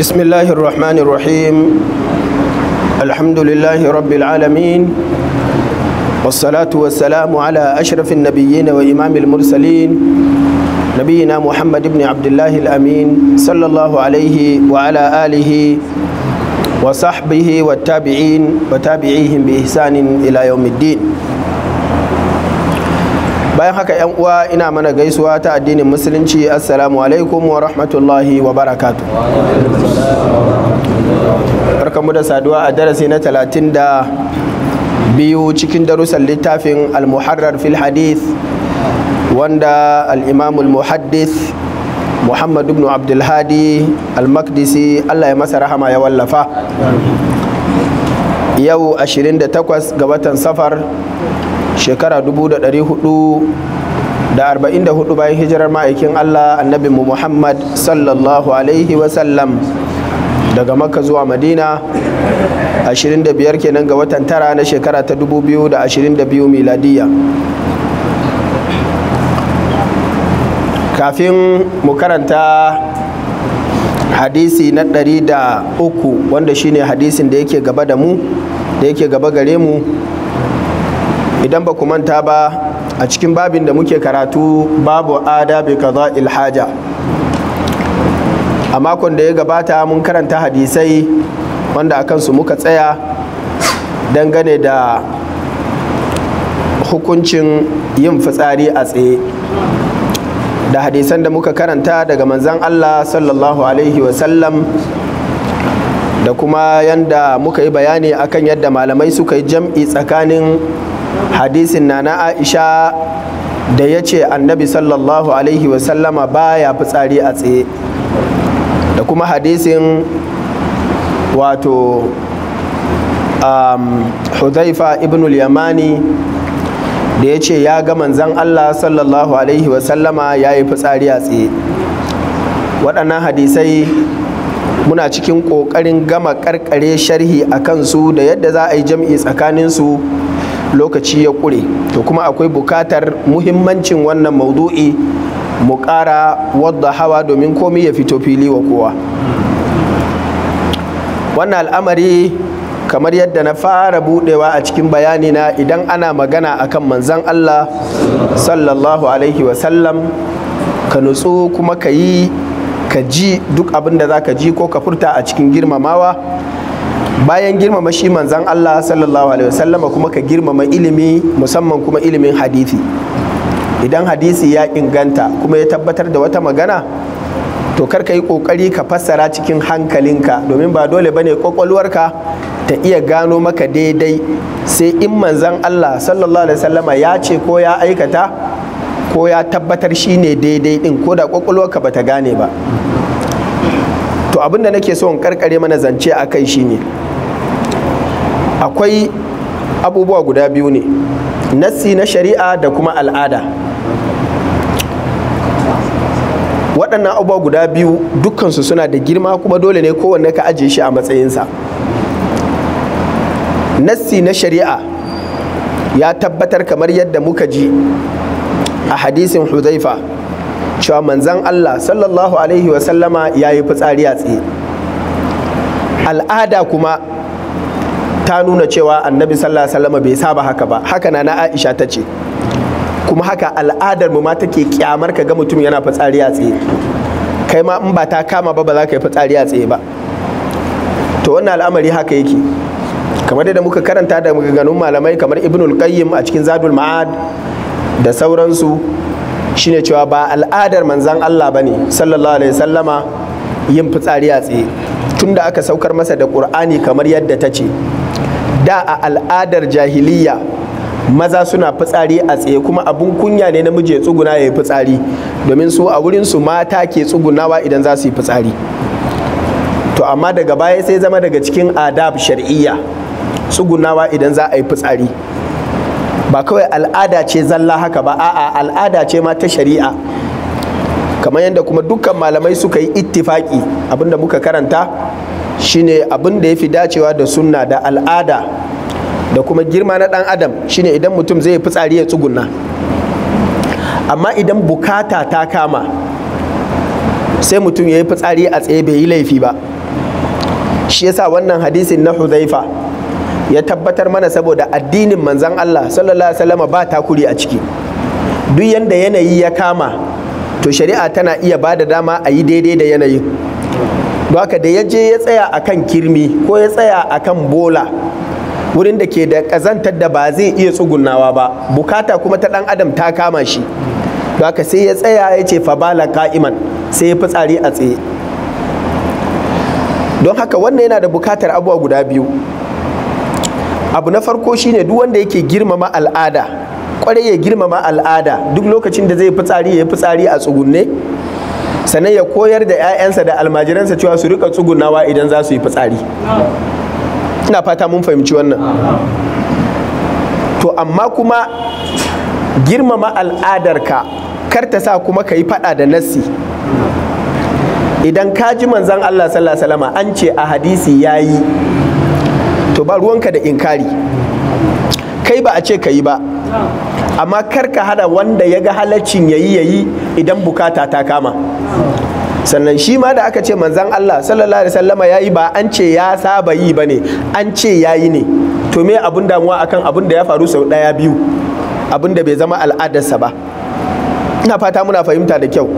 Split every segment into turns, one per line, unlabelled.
بسم الله الرحمن الرحيم الحمد لله رب العالمين والصلاة والسلام على أشرف النبيين وإمام المرسلين نبينا محمد بن عبد الله الأمين صلى الله عليه وعلى آله وصحبه والتابعين وتابعيهم بإحسان إلى يوم الدين bayan haka yan uwa ina mana gaisuwa ta addinin musulunci assalamu alaikum wa rahmatullahi wa barakatu barkamu da saduwa a darasi na talatin da biyu cikin darussan littafin al-muharrar fil hadith wanda al-imamul muhaddith muhammad ibn abdulhadi al-makdisi allah ya masa rahama ya wallafa yau 28 ga watan safar shekara 444 bayan hijirar ma'aikin Allah mu Muhammad sallallahu alaihi wasallam daga makka zuwa madina 25 kenan ga watan tara na shekara ta 2022 miladiya kafin mu karanta hadisi na ɗari da uku wanda shine hadisin da yake gaba da mu da yake gaba gare mu idan ba ku manta ba a cikin babin da muke karatu babu adabi kaza ilhaja a makon da ya gabata mun karanta hadisai wanda a kansu muka tsaya dangane da hukuncin yin fitsari a tsaye da hadisan da muka karanta daga manzan Allah sallallahu alaihi wasallam da kuma yanda muka yi bayani akan yadda malamai suka yi jam'i tsakanin hadisin na na aisha da ya ce annabi sallallahu alaihi wasallama baya fitsari a tsaye da kuma hadisin wato um, hudhaifa ibn yamani da ya ce ya ga manzan allah sallallahu alaihi wasallama ya yi fitsari a tsaye waɗannan hadisai muna cikin ƙoƙarin gama ƙarƙare sharhi a kansu da yadda za a yi jam'i tsakaninsu lokaci ya ƙure to kuma akwai bukatar muhimmancin wannan maudu'i mu ƙara wadda hawa domin komi ya fito fili wa kowa wannan al'amari kamar yadda na fara budewa a cikin bayani na idan ana magana akan manzan Allah sallallahu alaihi wasallam ka nutsu kuma ka yi ka ji duk abin da za ka ji ko ka furta a cikin girmamawa bayan girmama shi manzan Allah sallallahu alaihi wasallama kuma ka girmama ilimi musamman kuma ilimin hadisi idan hadisi ya inganta kuma ya tabbatar da wata magana to kar ka yi kokari ka fassara cikin hankalinka domin ba dole bane kwakwalwarka ta iya gano maka daidai sai in manzan Allah sallallahu alaihi wasallama ya ce ko ya aikata ko ya tabbatar shi ne daidai din ko da kwakwalwarka bata gane ba to abinda nake so in karkare mana zance a kai shine akwai abubuwa guda biyu ne nassi na shari'a da kuma al'ada waɗannan abubuwa guda biyu dukkansu suna da girma kuma dole ne kowanne ka ajiye shi a matsayinsa nassi na shari'a ya tabbatar kamar yadda muka ji a hadisin huzaifa cewa manzan allah sallallahu alaihi wasallama ya yi fitsari a tsaye al'ada kuma ta nuna cewa annabi sallallahu alaihi wasallam bai saba haka ba haka na na aisha ta ce kuma haka al'adar mu ma take kyamar ka ga mutum yana fitsari tsaye kai ma in ba ta kama ba ba za ka yi fitsari tsaye ba to wannan al'amari haka yake kamar da muka karanta da maganganun malamai kamar al qayyim a cikin zadul ma'ad da sauransu shine cewa ba al'adar manzan Allah ba ne sallallahu alaihi sallama yin fitsariya tsaye tunda aka saukar masa da ƙur'ani kamar yadda ta ce da a al'adar jahiliya maza suna fitsari a tsaye kuma abun kunya ne namiji ya tsuguna ya yi fitsari domin su a wurin su mata ke tsugunawa idan za su yi fitsari to amma daga baya sai zama daga cikin adab shari'iyya tsugunawa idan za a yi fitsari ba kawai al'ada ce zalla haka ba a'a al'ada ce ma ta shari'a kamar yadda kuma dukkan malamai suka yi ittifaki abinda muka karanta shine abin da ya fi dacewa da sunna da al'ada da kuma girma na dan adam shine idan mutum zai fitsari ya tsugunna amma idan bukata ta kama sai mutum ya yi fitsari a tsaye bai yi laifi ba shi yasa wannan hadisin na huzaifa ya tabbatar mana saboda addinin manzan Allah sallallahu alaihi wasallam ba takuri a ciki duk yanda yanayi ya kama to shari'a tana iya ba da dama a yi daidai da yanayin don da ya je ya tsaya a kan kirmi ko ya tsaya a kan bola wurin da ke da ƙazantar da ba zai iya tsugunawa ba bukata kuma ta ɗan adam ta kama shi don sai ya tsaya ya ce fabala ka'iman sai ya fitsari a tsaye don haka wannan yana da bukatar abuwa guda biyu abu na farko shine duk wanda yake girmama al'ada kwarai ya girmama al'ada duk lokacin da zai fitsari ya yi fitsari a tsugunne sannan ya koyar da 'ya'yansa da almajiransa cewa su rika tsugunawa idan za su yi fitsari ina fata mun fahimci wannan to amma kuma girmama al'adarka kar ta sa kuma ka yi fada da nasi. idan ka ji manzan Allah sallallahu an ce a hadisi ya yi to ba ruwanka da inkari kai ba a ce ka yi ba amma kar ka hada wanda ya ga halaccin yayi yayi idan bukata ta kama sannan shi ma da aka ce manzan Allah sallallahu alaihi sallama ya yi ba an ce ya saba yi ba ne an ce ya yi ne to me abun damuwa akan abun da ya faru sau daya biyu abun da bai zama al'adarsa ba ina fata muna fahimta da kyau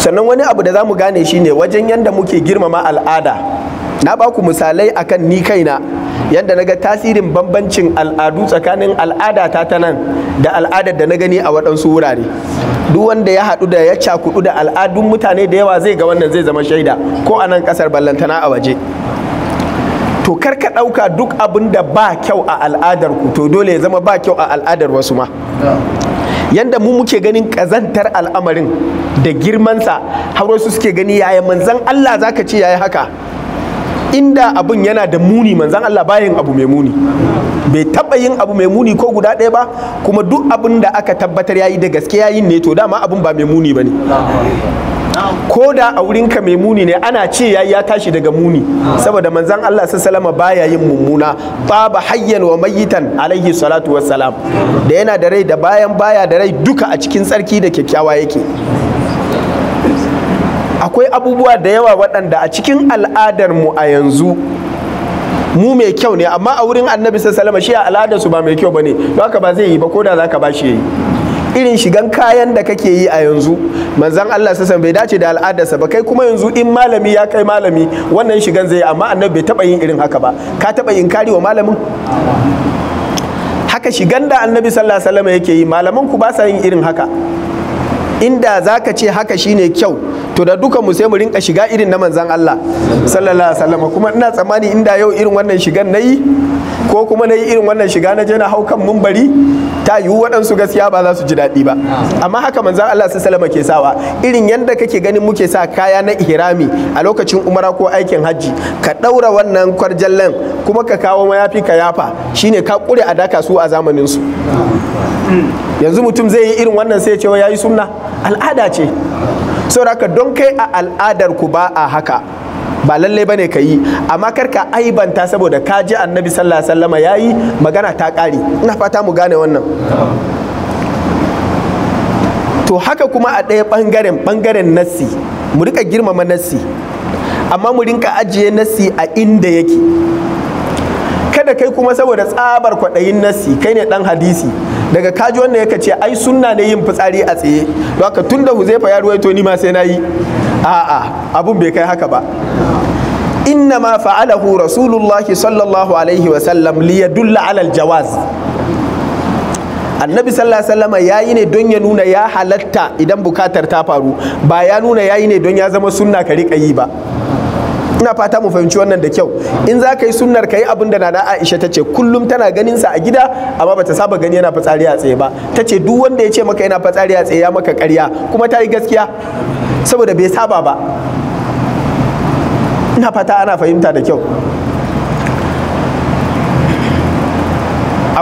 sannan wani abu da za mu gane shi ne wajen yadda muke girmama al'ada na baku misalai akan ni kaina yadda na ga tasirin bambancin al'adu tsakanin al'ada ta ta nan da al'adar da na gani a waɗansu wurare duk wanda ya haɗu da ya cakudu da al'adun mutane da yawa zai ga wannan zai zama shaida ko a nan ƙasar ballantana a waje to kar ka ɗauka duk abin da ba kyau a al'adar ku to dole ya zama ba kyau a al'adar wasu ma yanda mu muke ganin ƙazantar al'amarin da girmansa har wasu suke gani yaya manzan Allah zaka ce yaya haka inda abun yana da muni manzan Allah bayan abu mai muni bai taɓa yin abu mai muni ko guda ɗaya ba kuma duk abin da aka tabbatar yayi da gaske yayin ne to dama abin ba mai muni bane. ko da a wurinka mai muni ne ana ce yayi ya tashi daga muni saboda manzan Allah sallama baya yin mummuna Baba hayyan wa mayitan alaihi salatu wassalam da yana da rai da bayan baya da rai duka a cikin tsarki da kyakkyawa yake akwai abubuwa da yawa waɗanda a cikin al'adar mu a yanzu mu mai kyau ne amma a wurin annabi sallama shi a al'adar su ba mai kyau bane don haka ba zai yi ba ko da ka ba shi yi. irin shigan kayan da kake yi a yanzu manzan Allah sassan bai dace da al'adarsa ba kai kuma yanzu in malami ya kai malami wannan shigan zai amma annabi bai taba yin irin haka ba ka taba yin kari wa malamin haka shigan da annabi sallallahu alaihi wasallam yake yi malaman ku ba sa yin irin haka inda za ka ce haka shine kyau to da duka mu sai mu rinka shiga irin na manzan Allah sallallahu alaihi wasallam kuma ina tsammani inda yau irin wannan shigan na yi ko kuma na yi irin wannan shiga na je na hau kan mumbari ta yiwu waɗansu gaskiya ba za su ji daɗi ba amma haka manzan Allah sallallahu alaihi ke sawa irin yanda kake ganin muke sa kaya na ihrami a lokacin umara ko aikin hajji ka ɗaura wannan kwarjallan kuma ka kawo mayafi ka yafa shine ka ƙure a daka su a zamanin su yanzu mutum zai yi irin wannan sai ya ce ya yi sunna al'ada ce sauraka don kai a al'adar ku ba a haka ba lalle bane ka yi amma karka ka aibanta saboda ka ji annabi sallallahu alaihi wasallama yayi magana ta ƙare ina fata mu gane wannan to haka kuma a ɗaya ɓangaren ɓangaren nassi mu rika girmama nassi amma mu rinka ajiye nassi a inda yake kada kai kuma saboda tsabar kwaɗayin nassi kai ne ɗan hadisi daga kaji wannan yaka ce ai sunna ne yin fitsari a tsaye don haka tun da huzaifa ya ruwaito ni ma sai nayi? yi a'a abun bai kai haka ba inna ma fa'alahu rasulullahi sallallahu alaihi wa sallam yadulla alal jawaz annabi sallallahu alaihi wasallam yayi ne don ya nuna ya halatta idan bukatar ta faru ba ya nuna yayi ne don ya zama sunna ka riƙa yi ba ina fata mu fahimci wannan da kyau in za ka yi sunnar ka yi abin da nana Aisha ta ce kullum tana ganin sa a gida amma bata saba gani yana fitsari a tsaye ba ta ce duk wanda ya ce maka yana fitsari a tsaye ya maka ƙarya kuma ta yi gaskiya saboda bai saba ba ina fata ana fahimta da kyau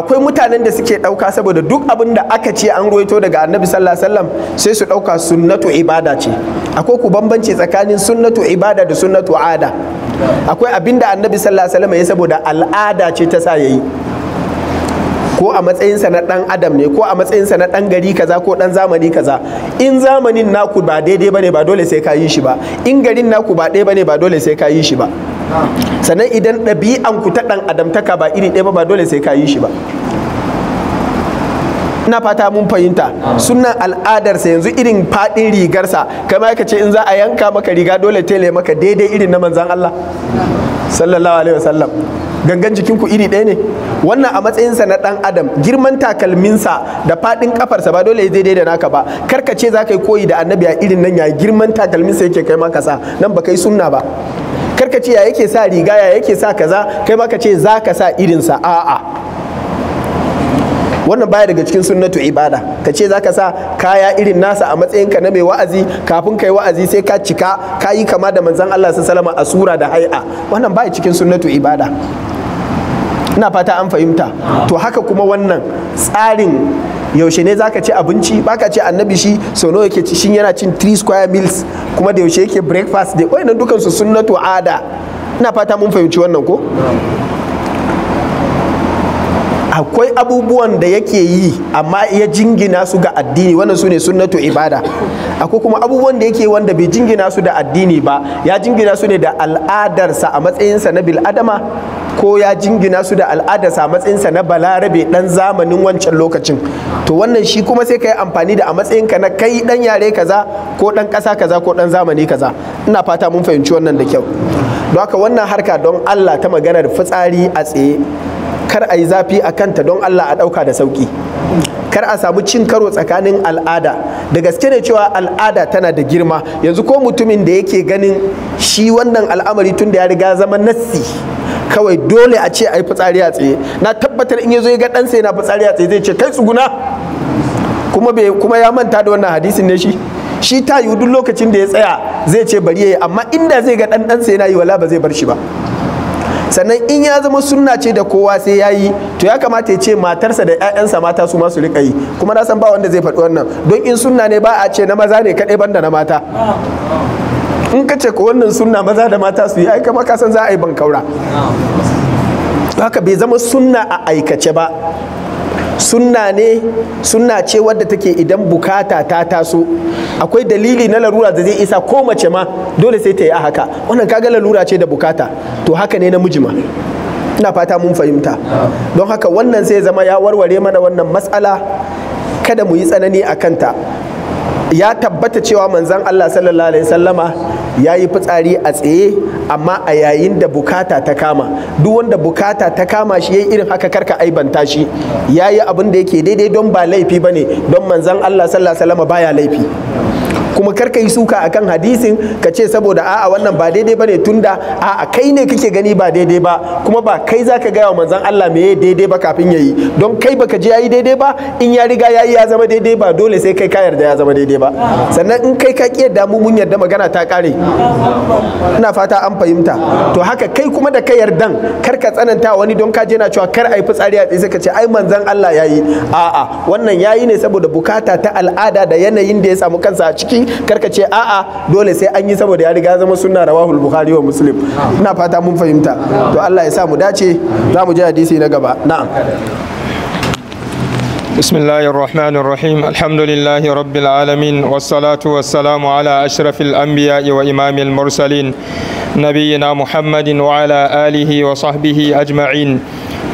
akwai mutanen da suke ɗauka saboda duk abin da aka ce an ruwaito daga annabi sallallahu alaihi wasallam sai su ɗauka sunnatu ibada ce akwai ku bambanci tsakanin sunnatu ibada da sunnatu ada akwai abin da annabi sallallahu alaihi wasallam ya saboda al'ada ce ta sa yayi ko a matsayinsa na ɗan adam ne ko a matsayinsa na ɗan gari kaza ko ɗan zamani kaza in zamanin naku ba daidai bane ba dole sai ka yi shi ba in garin naku ba ɗaya bane ba dole sai ka yi shi ba sannan idan ɗabi'an ku ta ɗan adamtaka ba iri ɗaya ba ba dole sai ka yi shi ba ina fata mun fahimta sunan al'adarsa yanzu irin faɗin rigarsa kama ka ce in za a yanka maka riga dole tele maka daidai irin na manzan Allah sallallahu alaihi wasallam gangan jikinku iri ɗaya ne wannan a matsayinsa na ɗan adam girman takalminsa da faɗin kafarsa ba dole daidai da naka ba karkace ce za ka yi koyi da annabi a irin nan yayi girman takalminsa yake kai maka sa nan ba kai sunna ba karkace ce ya yake sa riga ya yake sa kaza kai maka ce za ka sa irinsa a'a wannan baya daga cikin sunnatu ibada ka ce zaka sa kaya irin nasa a matsayinka na mai wa'azi kafin kai wa'azi sai ka cika ka yi kama da manzon Allah sallallahu alaihi a sura da hai'a wannan baya cikin sunnatu ibada ina fata an fahimta to haka kuma wannan tsarin yaushe ne zaka ci abinci baka ce annabi shi sau nawa yake shin yana cin 3 square meals kuma da yaushe yake breakfast dai wayannan dukansu sunnatu ada ina fata mun fahimci wannan ko akwai abubuwan da yake yi amma ya jingina su ga addini wannan su ne sunnatu ibada akwai kuma abubuwan da yake wanda bai jingina su da addini ba ya jingina su ne da al'adarsa a matsayinsa na bil'adama ko ya jingina su da al'adarsa a matsayinsa na balarabe dan zamanin wancan lokacin to wannan shi kuma sai ka yi amfani da a matsayinka na kai dan yare kaza ko dan ƙasa kaza ko dan zamani kaza ina fata mun fahimci wannan da kyau don haka wannan harka don allah ta maganar fitsari a tsaye kar a yi zafi a kanta don Allah a ɗauka da sauƙi kar a samu cin karo tsakanin al'ada da gaske ne cewa al'ada tana da girma yanzu ko mutumin da yake ganin shi wannan al'amari tun da ya riga zama nassi kawai dole a ce a yi fitsari a tsaye na tabbatar in ya zo ya ga ɗansa yana fitsari a tsaye zai ce kai tsuguna kuma kuma ya manta da wannan hadisin ne shi shi ta yiwu duk lokacin da ya tsaya zai ce bari ya yi, amma inda zai ga ɗan ɗansa yana yi wala ba zai bar shi ba sannan in ya zama sunna ce da kowa sai ya yi to ya kamata ya ce matarsa da 'ya'yansa mata su masu rika yi kuma na san ba wanda zai faɗi wannan don in sunna ne ba a ce na maza ne kaɗai banda na mata in ka ce ko wannan sunna maza da mata su yi ai kama ka san za a yi bankaura haka bai zama sunna a aikace ba sunna ne sunna ce wadda take idan bukata ta taso akwai dalili na larura da zai isa ko mace ma dole sai ta yi a haka wannan kaga larura ce da bukata to haka ne namiji ma ina fata mun fahimta don haka wannan sai zama ya warware mana wannan matsala kada mu yi tsanani a kanta ya tabbata cewa manzan Allah sallallahu alaihi sallama ya yi fitsari a tsaye amma a yayin da bukata ta kama duk wanda bukata ta kama shi ya irin haka karka aibanta shi ya yi abin da yake daidai don ba laifi ba ne don manzan Allah sallallahu alaihi baya laifi kuma karka yi suka akan hadisin ka ce saboda a'a wannan ba daidai bane tunda a'a kai ne kake gani ba daidai ba kuma ba kai zaka gaya wa manzon Allah me ya daidai ba kafin yayi don kai baka je yayi daidai ba in ya riga yayi ya zama daidai ba dole sai kai ka yarda ya zama daidai ba sannan in kai ka ki yarda mu mun yarda magana ta kare ina fata an fahimta to haka kai kuma da ka yardan kar ka tsananta wani don ka je na cewa kar ai fitsari a tsaye ka ce ai manzon Allah yayi a'a wannan yayi ne saboda bukata ta al'ada da yanayin da ya samu kansa a ciki karka ce a'a dole sai an yi saboda ya riga zama sunna rawahul bukhari wa muslim ina fata mun fahimta to Allah ya sa mu dace za mu hadisi na gaba na'am بسم الله الرحمن الرحيم الحمد لله رب العالمين والصلاة والسلام على أشرف الأنبياء وإمام المرسلين نبينا محمد وعلى آله وصحبه أجمعين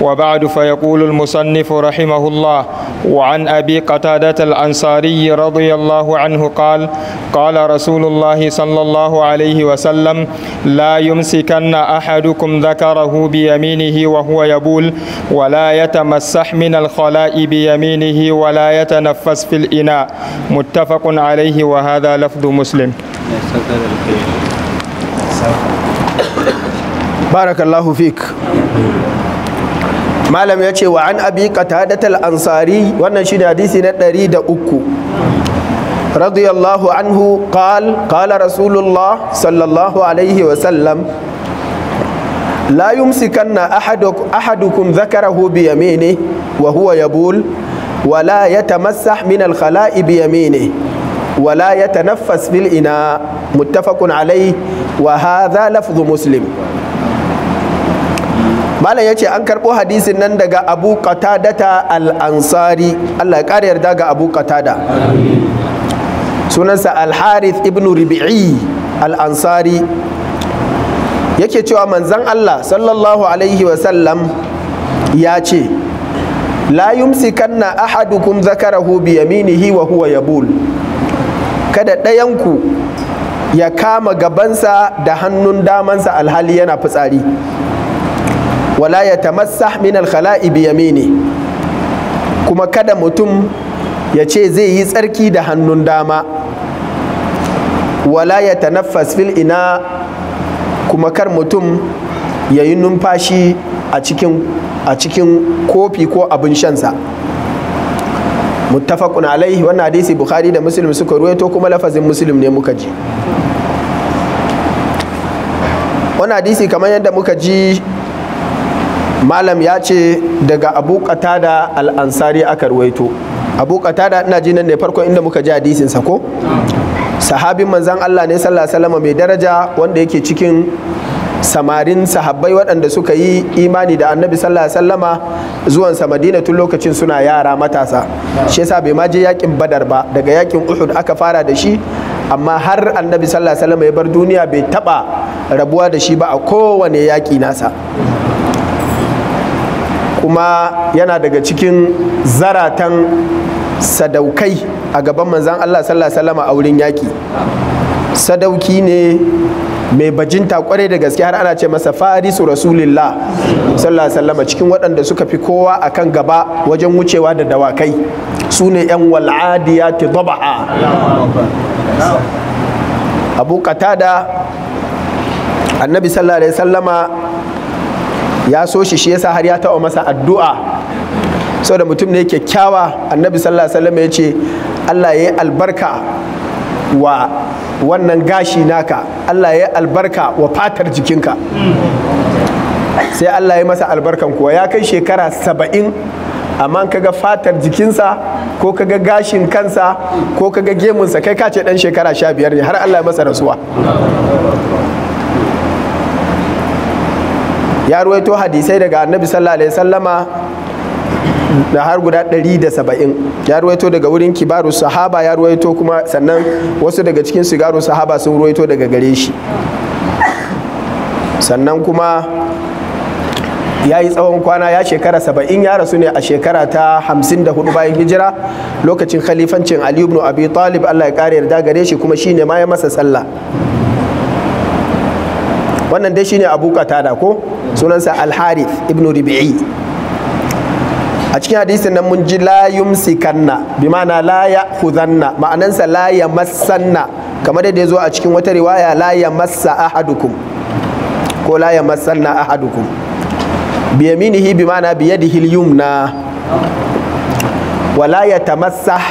وبعد فيقول المصنف رحمه الله وعن أبي قتادة الأنصاري رضي الله عنه قال قال رسول الله صلى الله عليه وسلم لا يمسكن أحدكم ذكره بيمينه وهو يبول ولا يتمسح من الخلاء بيمينه ولا يتنفس في الإناء متفق عليه وهذا لفظ مسلم بارك الله فيك malam ya ce wa an abi qatadatal ansari wannan shi da hadisi na ɗari da uku radiyallahu anhu qal qala rasulullah sallallahu alaihi wa sallam la yumsikanna ahadukum ahadukum dhakarahu bi yaminihi wa huwa yabul ولا يتمسح من الخلاء بيمينه ولا يتنفس في الإناء متفق عليه وهذا لفظ مسلم malam ya ce an karɓo hadisin nan daga abu qatadata al-ansari allah ya ƙara yarda ga abu qatada sunansa al-harith ibn rubi'i al-ansari yake cewa manzan allah sallallahu alaihi wasallam ya ce la yumsikanna ahadukum zakarahu bi yaminihi wa huwa yabul kada ɗayanku ya kama gabansa da hannun damansa alhali yana fitsari wala ya tamassah min alkhala'i bi yamini kuma kada mutum ya ce zai yi tsarki da hannun dama wala ya tanaffas fil ina kuma kar mutum ya yi numfashi a cikin a cikin kofi ko abin shansa muttafaqun alaihi wannan hadisi bukhari da muslim suka ruwaito kuma lafazin muslim ne muka ji wannan hadisi kamar yadda muka ji malam ya ce daga abu qatada al-ansari aka ruwaito abu qatada ina ji ne farko inda muka ji hadisin sa ko sahabin manzan Allah ne sallallahu alaihi wasallam mai daraja wanda yake cikin samarin sahabbai waɗanda suka yi imani da annabi sallallahu alaihi wasallama zuwan sa madina tun lokacin suna yara matasa shi yasa bai ma je yakin badar ba daga yakin uhud aka fara da shi amma har annabi sallallahu alaihi wasallam ya bar duniya bai taba rabuwa da shi ba a kowane yaki nasa kuma yana daga cikin zaratan sadaukai a gaban manzan Allah sallallahu a wurin yaƙi sadauki ne mai bajinta kwarai da gaske har ana ce masa farisu rasulillah sallallahu cikin waɗanda suka fi kowa akan gaba wajen wucewa da dawakai su ne yan wal'adiyati daba'a abu qatada annabi sallallahu sallama ya so shi shi yasa har ya taɓa masa addu'a saboda mutum ne kyakkyawa annabi sallallahu alaihi wasallam ya ce Allah ya yi albarka wa wannan gashi naka Allah ya yi albarka wa fatar jikinka sai Allah ya yi masa albarkan kuwa ya kai shekara saba'in amma kaga fatar jikinsa ko kaga gashin kansa ko kaga gemunsa kai kace dan shekara sha biyar ne har Allah ya masa rasuwa ya ruwaito hadisai daga annabi sallallahu alaihi sallama da har guda 170 ya ruwaito daga wurin kibaru sahaba ya ruwaito kuma sannan wasu daga cikin sigaru sahaba sun ruwaito daga gare shi sannan kuma ya yi tsawon kwana ya shekara saba'in ya rasu ne a shekara ta hamsin da hudu bayan hijira lokacin khalifancin ali ibn abi talib allah ya kare yarda gare shi kuma shine ma ya masa sallah wannan dai shine abu katada ko sunansa al ibn rubi'i a cikin hadisin nan mun ji la yumsikanna bi ma'ana la ya'khudhanna ma'anansa la yamassanna kamar da ya zo a cikin wata riwaya la yamassa ahadukum ko la yamassanna ahadukum bi yaminihi bi ma'ana bi yadihi al-yumna wa la yatamassah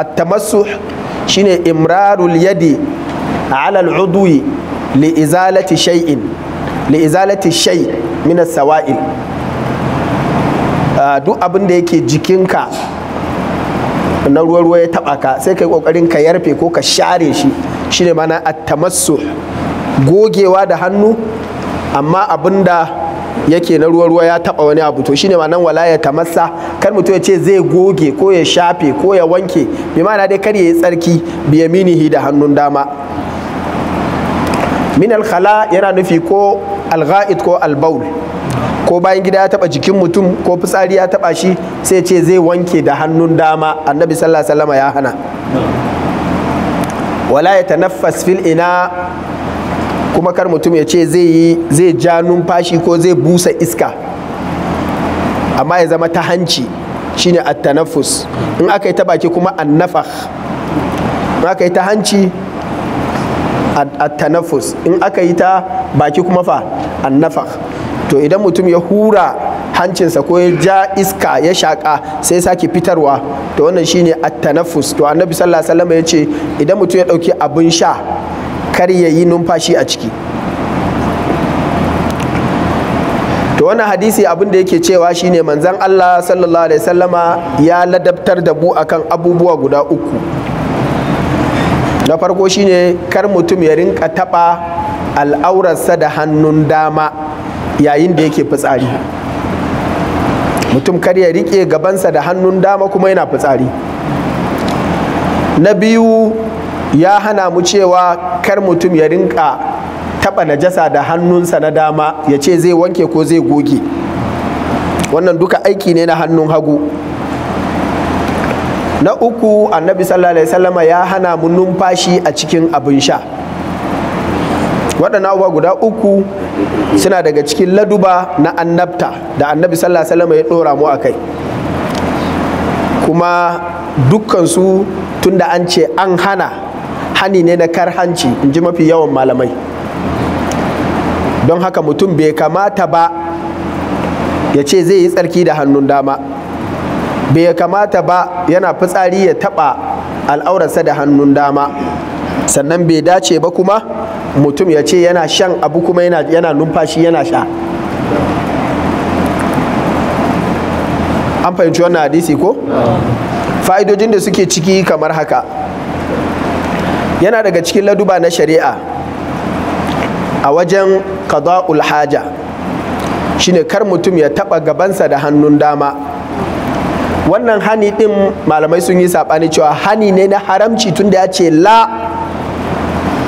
at-tamassuh shine imrarul yadi ala al li izalati shay'in li izalati shay min sawail ah, duk abin da yake jikinka na ruwa ruwa ya taba ka sai kai kokarin ka yarfe ko ka share shi shine mana at-tamassu gogewa da hannu amma abin yake na ruwa ruwa ya taba wani abu to shine nan wala ya tamassa kar mutum ya ce zai goge ko ya shafe ko ya wanke bi ma'ana dai kar ya yi tsarki bi yaminihi da hannun dama min al-khala yana nufi ko alga'id ko albaul ko bayan gida ya taba jikin mutum ko fitsari ya taba shi sai ce zai wanke da hannun dama annabi sallallahu alaihi wasallam ya hana wala ya tanaffas fil ina kuma kar mutum ya ce zai yi zai ja numfashi ko zai busa iska amma ya zama ta hanci shine at-tanaffus in aka yi ta baki kuma an in aka yi ta hanci at-tanafus in aka yi ta baki kuma fa annafa to idan mutum ya hura hancinsa ko ya ja iska ya shaƙa sai sake fitarwa to wannan shine at-tanafus to annabi sallallahu alaihi wasallam ya ce idan mutum ya dauki abin sha kar ya yi numfashi a ciki to wannan hadisi abin da yake cewa shine manzon Allah sallallahu alaihi wasallama ya ladabtar da bu akan abubuwa guda uku na farko shine kar mutum ya rinka taɓa al'aurarsa da hannun dama yayin da yake fitsari mutum kar ya riƙe gabansa da hannun dama kuma yana fitsari na biyu ya hana mu cewa kar mutum ya rinka taɓa najasa da hannunsa na dama ya ce zai wanke ko zai goge wannan duka aiki ne na hannun hagu na uku annabi sallallahu alaihi ya hana mu numfashi a cikin abin sha waɗannan abubuwa guda uku suna daga cikin laduba na annabta da annabi sallallahu alaihi ya ɗora mu a kai kuma dukkansu tunda an ce an hana hani ne na karhanci in ji mafi yawan malamai don haka mutum bai kamata ba ya ce zai yi tsarki da hannun dama bai kamata ba yana fitsari ya taɓa al'aurarsa da hannun dama sannan bai dace ba kuma mutum ya ce yana shan abu kuma yana numfashi yana sha an fahimci wannan hadisi ko fa'idojin da suke ciki kamar haka yana daga cikin laduba na shari'a a wajen qada'ul haja shine kar mutum ya taba gabansa da hannun dama wannan hani din malamai sun yi saɓani cewa hani ne na haramci tun da ya ce la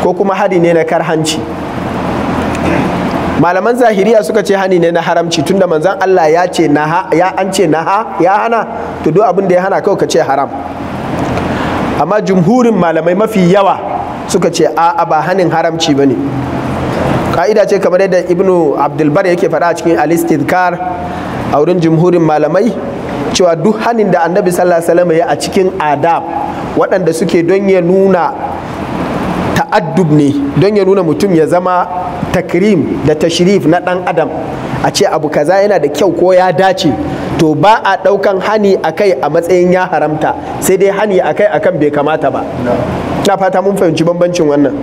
ko kuma hani ne na karhanci malaman zahiriya suka ce hani ne na haramci tunda manzan Allah ya ce naha ya an ce ha ya hana to duk abin da ya hana kawai ka ce haram amma jumhurin malamai mafi yawa suka ce a ba hanin haramci ba ne. ka'ida ce kamar yadda ibnu abdulbar yake faɗa cikin alistidkar a wurin jumhurin malamai cewa duk hanin da annabi sallallahu alaihi ya a cikin adab waɗanda suke don ya nuna ta'addub ne don ya nuna mutum ya zama takrim da tashrif na ɗan adam a ce abu kaza yana da kyau ko ya dace to ba a ɗaukan hani a kai a matsayin ya haramta sai dai hani a akai akan bai kamata ba na fata mun fahimci bambancin wannan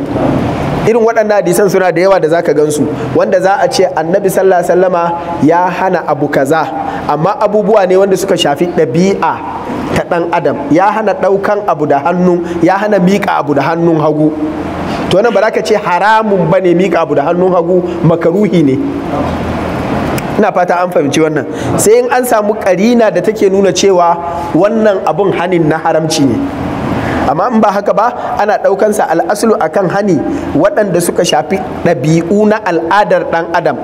irin waɗannan hadisan suna da yawa da zaka gansu wanda za a ce annabi sallallahu alaihi ya hana abu kaza amma abubuwa ne wanda suka shafi ɗabi'a ta ɗan adam ya hana ɗaukan abu da hannu ya hana miƙa abu da hannun hagu to nan ba za ka ce haramun ba ne miƙa abu da hannun hagu makaruhi ne ina fata an fahimci wannan sai in an samu karina da take nuna cewa wannan abun hanin na haramci ne amma in ba haka ba ana ɗaukansa al'asulu akan hani waɗanda suka shafi ɗabi'u na al'adar ɗan adam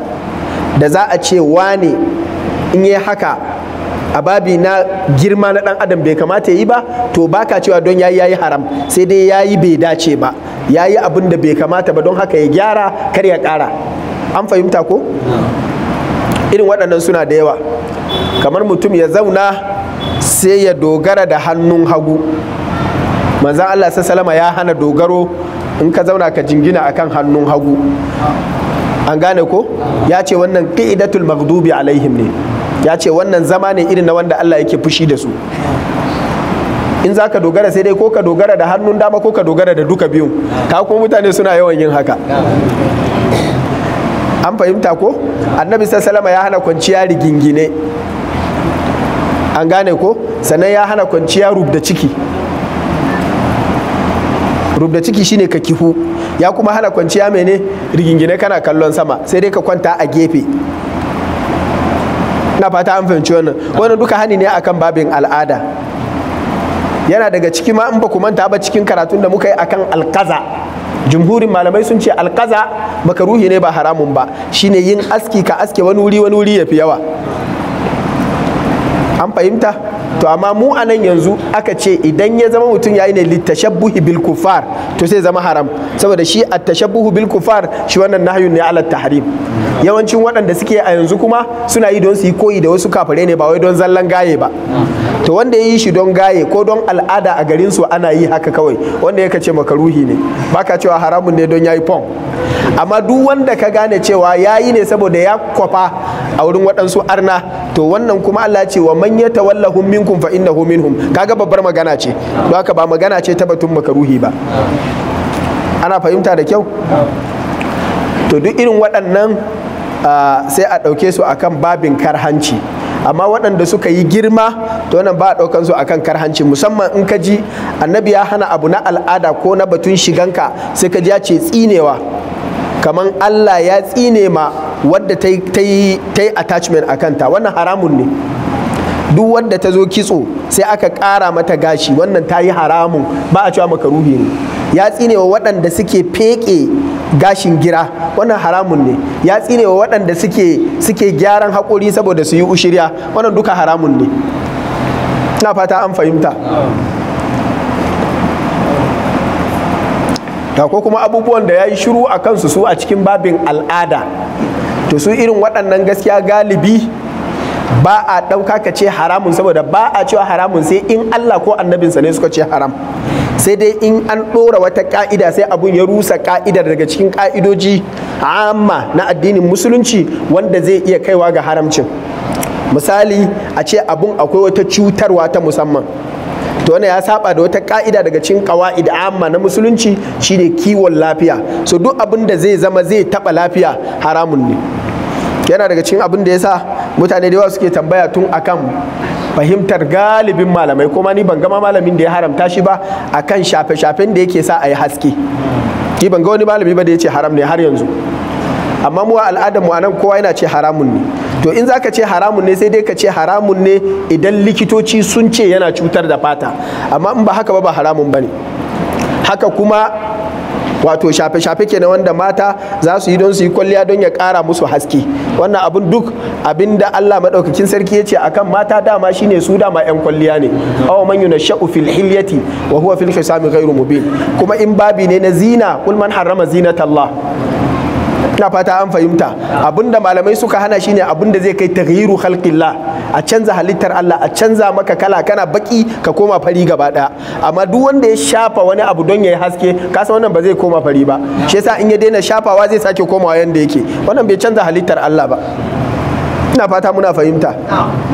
da za a ce wane in yi haka a babi na girma na ɗan adam bai kamata yi ba to baka cewa don yayi yayi haram sai dai yayi bai dace ba yayi abin da bai kamata ba don haka ya gyara kar ya ƙara an fahimta ko irin waɗannan suna da yawa kamar mutum ya zauna sai ya dogara da hannun hagu manzan Allah salama ya hana dogaro in ka zauna ka jingina akan hannun hagu an gane ko ya ce wannan qaidatul maghdubi alaihim ne ya ce wannan zama ne irin na wanda Allah yake fushi da su in za ka dogara sai dai ko ka dogara da hannun dama ko ka dogara da duka biyun ka kuma mutane suna yawan yin haka an fahimta ko annabi salama ya hana kwanciya rigingine an gane ko sannan ya hana kwanciya da ciki rubda ciki shine ka kihu ya kuma hana kwanciya mene rigingine kana kallon sama sai dai ka kwanta a gefe na fata an fahimci wannan wannan duka hani ne akan babin al'ada yana daga ciki ma in ba ku manta ba cikin karatun da muka yi akan alkaza jumhurin malamai sun ce alkaza ruhi ne ba haramun ba shine yin aski ka aske wani wuri wani wuri ya fi yawa an fahimta to amma mu a nan yanzu aka ce idan ya zama mutum ya yi ne littashabuhi bil kufar to sai zama haram saboda shi a tashabbuhu bilkufar shi wannan nahayun ne ala tahrim yawancin waɗanda suke a yanzu kuma suna yi don su yi koyi da wasu kafare ne ba wai don zallan gaye ba to wanda ya yi shi don gaye ko don al'ada a garin su ana yi haka kawai wanda ya kace makaruhi ne baka cewa haramun ne don yayi pom amma duk wanda ka gane cewa ya yi ne saboda ya kwafa a wurin waɗansu arna to wannan kuma Allah ce wa man ya tawallahum minkum fa innahu minhum kaga babbar magana ce don haka ba magana ce ta batun makaruhi ba ana fahimta da kyau to duk irin waɗannan sai a ɗauke su akan babin karhanci amma waɗanda suka yi girma to wannan ba a ɗaukan su akan karhanci musamman in ka ji annabi ya hana abu na al'ada ko na batun shiganka sai ka ji ya ce tsinewa kamar Allah ya tsine ma wadda ta yi attachment a kanta wannan haramun ne duk wadda ta zo kitso sai aka ƙara mata gashi wannan ta yi haramun ba a cewa makaruhi ne ya tsine wa waɗanda suke feƙe gashin gira wannan haramun ne ya tsine wa waɗanda suke gyaran haƙori saboda su yi ushirya wannan duka haramun ne na fata an fahimta ta ko kuma abubuwan da ya yi shiru a kansu su a cikin babin al'ada to su irin waɗannan gaskiya galibi ba a ɗauka ka ce haramun saboda ba a cewa haramun sai in Allah ko annabinsa ne suka ce haram sai dai in an ɗora wata ƙa'ida sai abun ya rusa ƙa'idar daga cikin ƙa'idoji amma na addinin musulunci wanda zai iya kaiwa ga haramcin misali a ce abun akwai wata cutarwa ta musamman to wannan ya saba da wata ka'ida daga cikin qawaid amma na musulunci shine kiwon lafiya so duk abin da zai zama zai taba lafiya haramun ne yana daga cikin abin da yasa mutane da yawa suke tambaya tun akan fahimtar galibin malamai kuma ni ban gama malamin da ya haramta shi ba akan shafe-shafen da yake sa a yi haske ki ban ga wani malami ba da ya ce haram ne har yanzu amma mu al'adar mu anan kowa yana ce haramun ne to in zaka ce haramun ne sai dai ka ce haramun ne idan likitoci sun ce yana cutar da fata amma in ba haka ba ba haramun bane haka kuma wato shafe-shafe kenan wanda mata za su yi don su yi kwalliya don ya kara musu haske wannan abin duk abin da Allah maɗaukacin sarki ya ce akan mata dama shine su dama 'yan kwalliya ne aw man yunashu fil hilyati wa huwa fil khisami ghairu mubin kuma in babi ne na zina kul man harrama zinata Allah ina fata an fahimta abinda malamai suka hana shine abinda zai kai taghyiru khalqillah a canza halittar Allah a canza maka kala kana baki ka koma fari gaba daya amma duk wanda ya shafa wani abu don ya yi haske kasa wannan ba zai koma fari ba shi yasa in ya daina shafawa zai sake komawa yanda yake wannan bai canza halittar Allah ba ina fata muna fahimta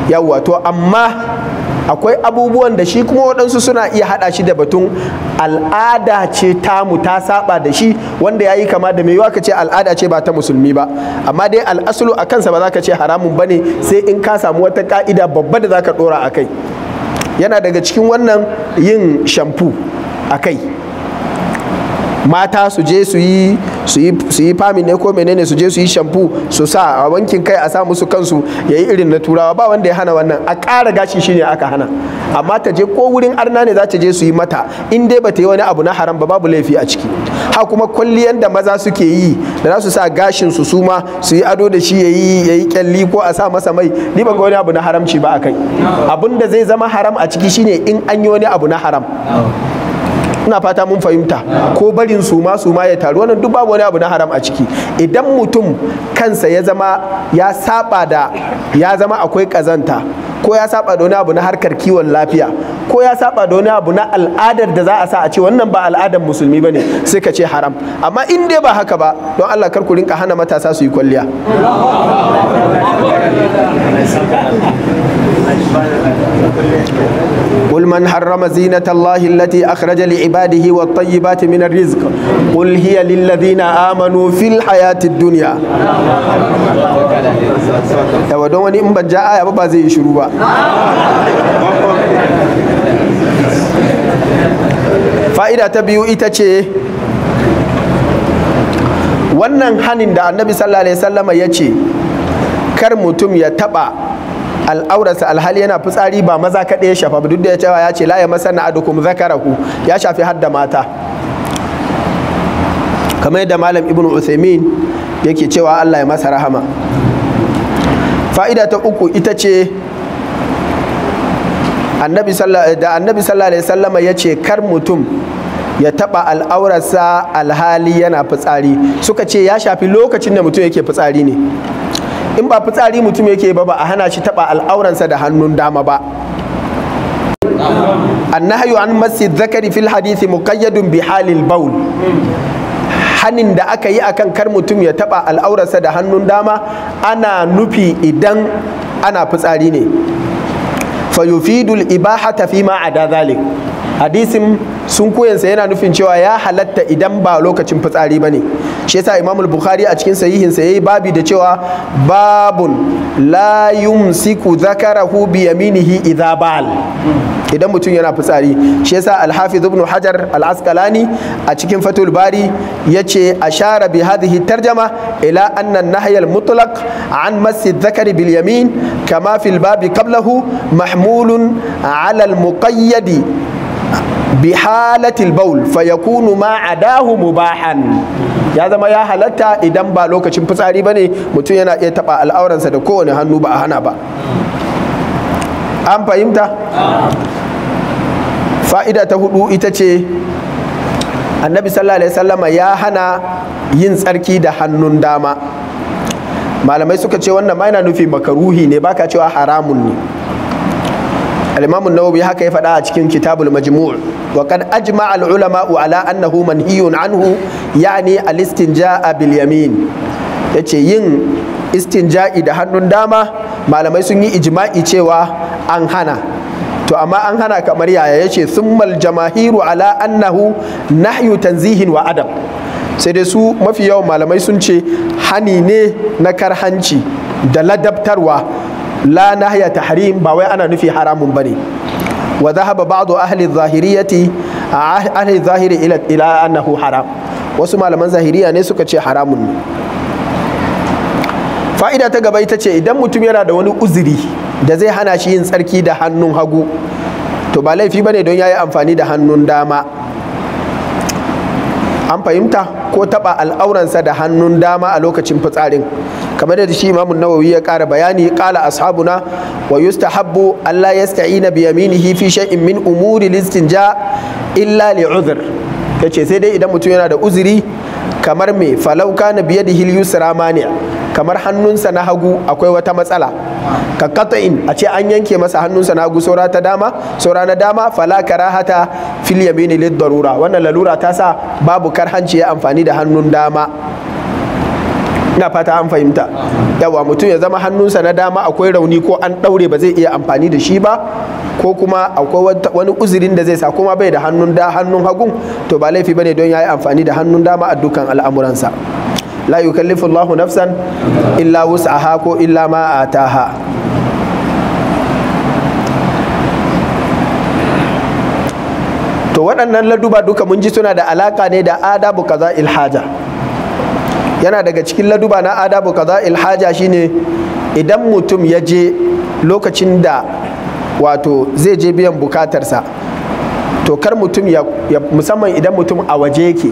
yawwa to amma akwai abubuwan da shi kuma waɗansu suna iya haɗa shi da batun al'ada ce tamu ta saba da shi wanda ya yi kama da mai yiwa ka ce al'ada ce ba ta musulmi ba amma dai al'asulu a kansa ba za ka ce haramun ba ne sai in ka samu wata ka'ida babba da za ka ɗora a kai yana daga cikin wannan yin shamfu a kai mata su je su yi su yi famin ne ko menene su je su yi shampu su sa a wankin kai a sa musu kansu ya yi irin na turawa ba wanda ya hana wannan a kara gashi shine aka hana amma ta je ko wurin arna ne za ta je su yi mata in dai bata yi wani abu na haram ba babu laifi a ciki ha kuma kwalliyan da maza suke yi da za su sa gashin su suma su yi ado da shi ya yi ya kyalli ko a sa masa mai ni ban ga wani abu na haramci ba akai abin da zai zama haram a ciki shine in an yi wani abu na haram ina fata mun fahimta ko barin suma suma ya taru wannan duk babu wani abu na haram a ciki idan mutum kansa ya zama ya saba da ya zama akwai kazanta ko ya saba da wani abu na harkar kiwon lafiya ko ya saba da wani abu na al'adar da za a sa a ce wannan ba al'adar musulmi bane sai ka ce haram amma in dai ba haka ba don Allah kar ku rinka hana matasa su yi kwalliya قل من حرم زينة الله التي أخرج لعباده والطيبات من الرزق قل هي للذين آمنوا في الحياة الدنيا yi shiru fa'ida ta biyu ita ce wannan hanin da annabi sallallahu alaihi wasallama ya ce kar mutum ya taba al'aurarsa alhali yana fitsari ba maza kaɗai ya shafa duk da ya cewa ya ce laye masa masana adukum zakaraku ya shafi hadda mata kamar yadda malam ibn usaimin yake cewa allah ya masa rahama fa'ida ta uku ita ce da annabi sallallahu alaihi sallama ya ce kar mutum ya taɓa al'aurarsa alhali yana fitsari suka ce ya shafi lokacin da mutum yake fitsari ne in ba fitsari mutum yake ba ba a hana shi taba al'auransa da hannun dama ba annahyu an masi zakari fil hadisi muqayyadun bi halil baul hanin da aka yi akan kar mutum ya taba al'auransa da hannun dama ana nufi idan ana fitsari ne fayufidul ibahata fi ma ada zalik hadisin sun koyansa yana nufin cewa ya halatta idan ba lokacin fitsari ba ne shi yasa Imam bukhari a cikin sahihinsa sa yayi babi da cewa babun la yumsiku dhakarahu bi yaminihi idha bal idan mutum yana fitsari shi yasa al-Hafiz Ibn Hajar al-Asqalani a cikin fatul Bari yace ashara bi hadhihi tarjama ila anna an-nahy al-mutlaq an mass dhakari bil yamin kama fi al-babi qablahu mahmulun ala al-muqayyad بحالة البول فيكون ما عداه مباحا ya zama ya halatta idan ba lokacin fitsari ba ne mutum yana iya taɓa al'auransa da kowane hannu ba a hana ba an fahimta fa'ida ta hudu ita ce annabi sallallahu alaihi sallama ya hana yin tsarki da hannun dama malamai suka ce wannan ma yana nufi makaruhi ne baka cewa haramun ne al-imamu nawawi haka ya faɗa a cikin kitabul majmu' wa kad ajma al ulama ala annahu manhiyun anhu yani al istinja'a yace yin istinja'i da hannun dama malamai sun yi ijma'i cewa an hana to amma an hana kamar yaya yace summal jamahiru ala annahu nahyu tanzihin wa adab sai dai su mafi yawan malamai sun ce hani ne na karhanci da ladabtarwa la nahya tahrim ba wai ana nufi haramun bane wa zahaba ba'du ahli zahiriyati ahli zahiri ila annahu haram wasu malaman zahiriya ne suka ce haramun ne fa'ida ta gaba ita ce idan mutum yana da wani uzuri da zai hana shi yin tsarki da hannun hagu to ba laifi ne don ya yi amfani da hannun dama an fahimta ko taba al'auransa da hannun dama a lokacin fitsarin kamar da shi imamun nawawi ya kara bayani ƙala ashabuna wa yustahabbu Allah ya yasta'ina bi yaminihi fi shay'in min umuri ja illa li uzr yace sai dai idan mutum yana da uzuri kamar me falau kana biya da yusra mani kamar hannunsa na hagu akwai wata matsala ka in a ce an yanke masa hannunsa na hagu saura dama saura na dama fala karahata fil yamini lid darura wannan lalura ta sa babu hanci ya amfani da hannun dama ina fata an fahimta yawa mutum ya zama hannunsa na dama akwai rauni ko an ɗaure ba zai iya amfani da shi ba ko kuma akwai wani uzurin da zai sa kuma bai da hannun da hannun hagun to ba laifi bane don ya yi amfani da hannun dama a dukkan al'amuransa la yukallifu Allahu nafsan illa wus'aha ko illa ma ataha to waɗannan laduba duka mun ji suna da alaka ne da adabu kaza ilhaja yana daga cikin laduba na adabu kaza ilhaja shine idan mutum ya je lokacin da wato zai je biyan bukatarsa to kar mutum ya musamman idan mutum a waje yake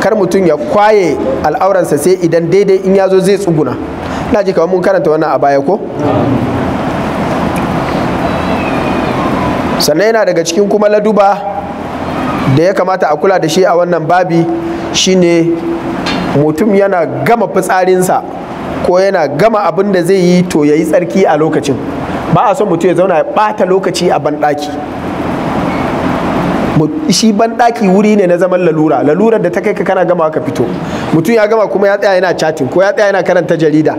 kar mutum ya kwaye al'auransa sai idan daidai in ya zo zai tsuguna na ji kawai mun karanta wannan a baya ko sannan yana daga cikin kuma laduba da ya kamata a kula da shi a wannan babi shine mutum yana gama fitsarinsa ko yana gama abin da zai yi to ya yi tsarki a lokacin ba a son mutum ya zauna ya ɓata lokaci a banɗaki shi banɗaki wuri ne na zaman lalura lalurar da ta kai ka kana gama ka fito mutum ya gama kuma ya tsaya yana chatting ko ya tsaya yana karanta jarida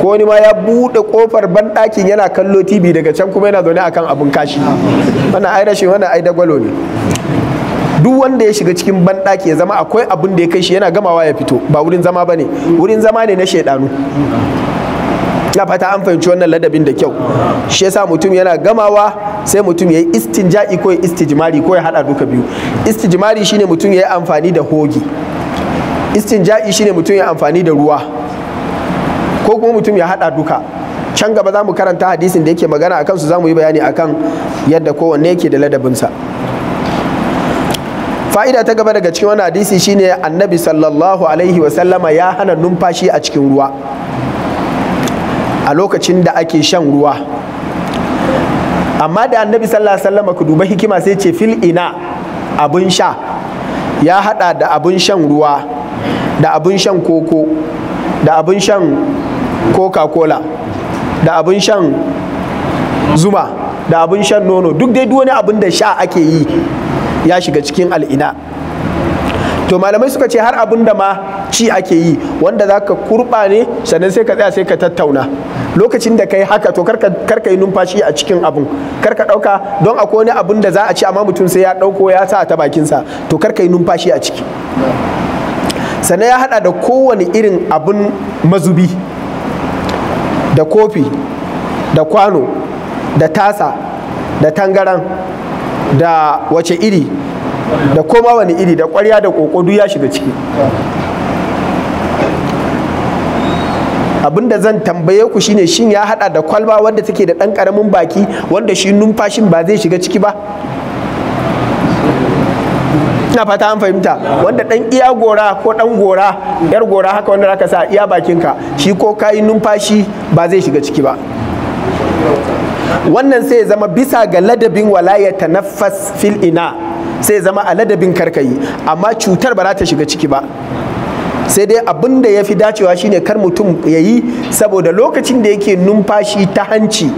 ko wani ma ya buɗe kofar banɗakin yana kallo tv daga can kuma yana zaune akan abin kashi wannan ai rashin wannan ai dagwalo ne duk wanda ya shiga cikin banɗaki ya zama akwai abin da ya kai shi yana gamawa ya fito ba wurin zama ba wurin zama ne na shaidanu na fata an fahimci wannan ladabin da kyau shi yasa mutum yana gamawa sai mutum ya yi istinja'i ko ya istijmari ko ya hada duka biyu istijmari shine mutum ya yi amfani da hogi istinja'i shine mutum ya amfani da ruwa ko kuma mutum ya hada duka can gaba za mu karanta hadisin da yake magana akan su za mu yi bayani akan yadda kowanne yake da ladabinsa fa'ida ta gaba daga cikin wani hadisi shine annabi sallallahu alaihi wasallama ya hana numfashi a cikin ruwa a lokacin da ake shan ruwa amma da annabi sallallahu alaihi wasallama ku duba hikima sai ce fil ina abun sha ya hada da abun shan ruwa da abun shan koko da abun shan coca-cola da abun shan zuma da abun shan nono duk dai duk wani abun da sha ake yi ya shiga cikin al'ina to malamai suka ce har abin da ma ci ake yi wanda za ka kurɓa ne sannan sai ka tsaya sai ka tattauna lokacin da ka yi haka to karka yi numfashi a cikin abin karka ɗauka don akwai wani abin da za a ci amma mutum sai ya ɗauko ya sa ta bakinsa to karka yi numfashi a ciki sannan ya haɗa da kowane irin abin mazubi da kofi da kwano da tasa da tangaran da wace iri da koma wani iri da kwarya da koko duk ya shiga ciki abinda zan tambaye ku shine shin ya hada da kwalba wanda take da dan karamin baki wanda shi numfashin ba zai shiga ciki ba ina fata an fahimta wanda dan iya gora ko dan gora yar gora haka wanda zaka sa iya bakinka shi ko kayi numfashi ba zai shiga ciki ba wannan sai ya zama bisa ga ladabin walaya nafas fil ina sai zama a ladabin karkayi amma cutar ba za ta shiga ciki ba sai dai abin da ya fi dacewa shine kar mutum ya yi saboda lokacin da yake numfashi ta hanci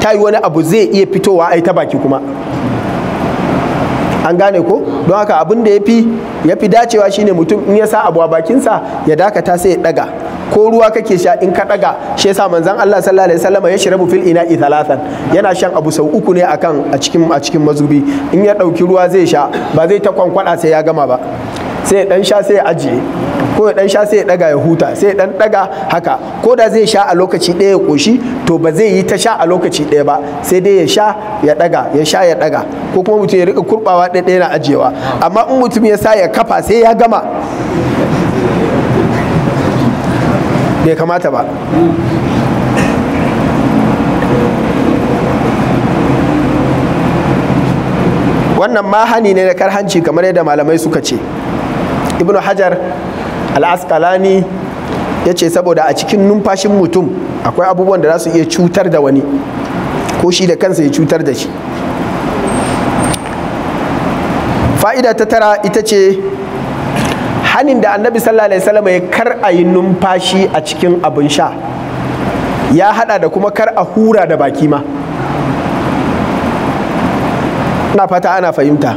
ta yi wani abu zai iya fitowa ai ta baki kuma an gane ko don haka abin da ya fi dacewa shine mutum in ya sa abu a bakinsa ya dakata sai ya daga ko ruwa kake sha in ka daga shi yasa manzon Allah sallallahu alaihi wasallam ya shirabu fil ina thalathan yana shan abu sau uku ne akan a cikin a cikin mazubi in ya dauki ruwa zai sha ba zai ta kwankwada sai ya gama ba sai ya dan sha sai ya ajiye ko ya dan sha sai ya daga ya huta sai ya dan daga haka ko da zai sha a lokaci ɗaya ya koshi to ba zai yi ta sha a lokaci ɗaya ba sai dai ya sha ya daga ya sha ya daga ko kuma mutum ya rika kurbawa ɗaya na ajiyewa amma in mutum ya sa ya kafa sai ya gama bai kamata ba wannan ma hani ne na karhanci kamar yadda malamai suka ce ibnu hajar al'askalani ya ce saboda a cikin numfashin mutum akwai abubuwan da za su iya cutar da wani ko shi da kansa ya cutar da shi fa'ida ta tara ita ce hanin da annabi sallallahu alaihi wasallam ya kar a yi numfashi a cikin abin sha ya hada da kuma kar a hura da baki ma ina fata ana fahimta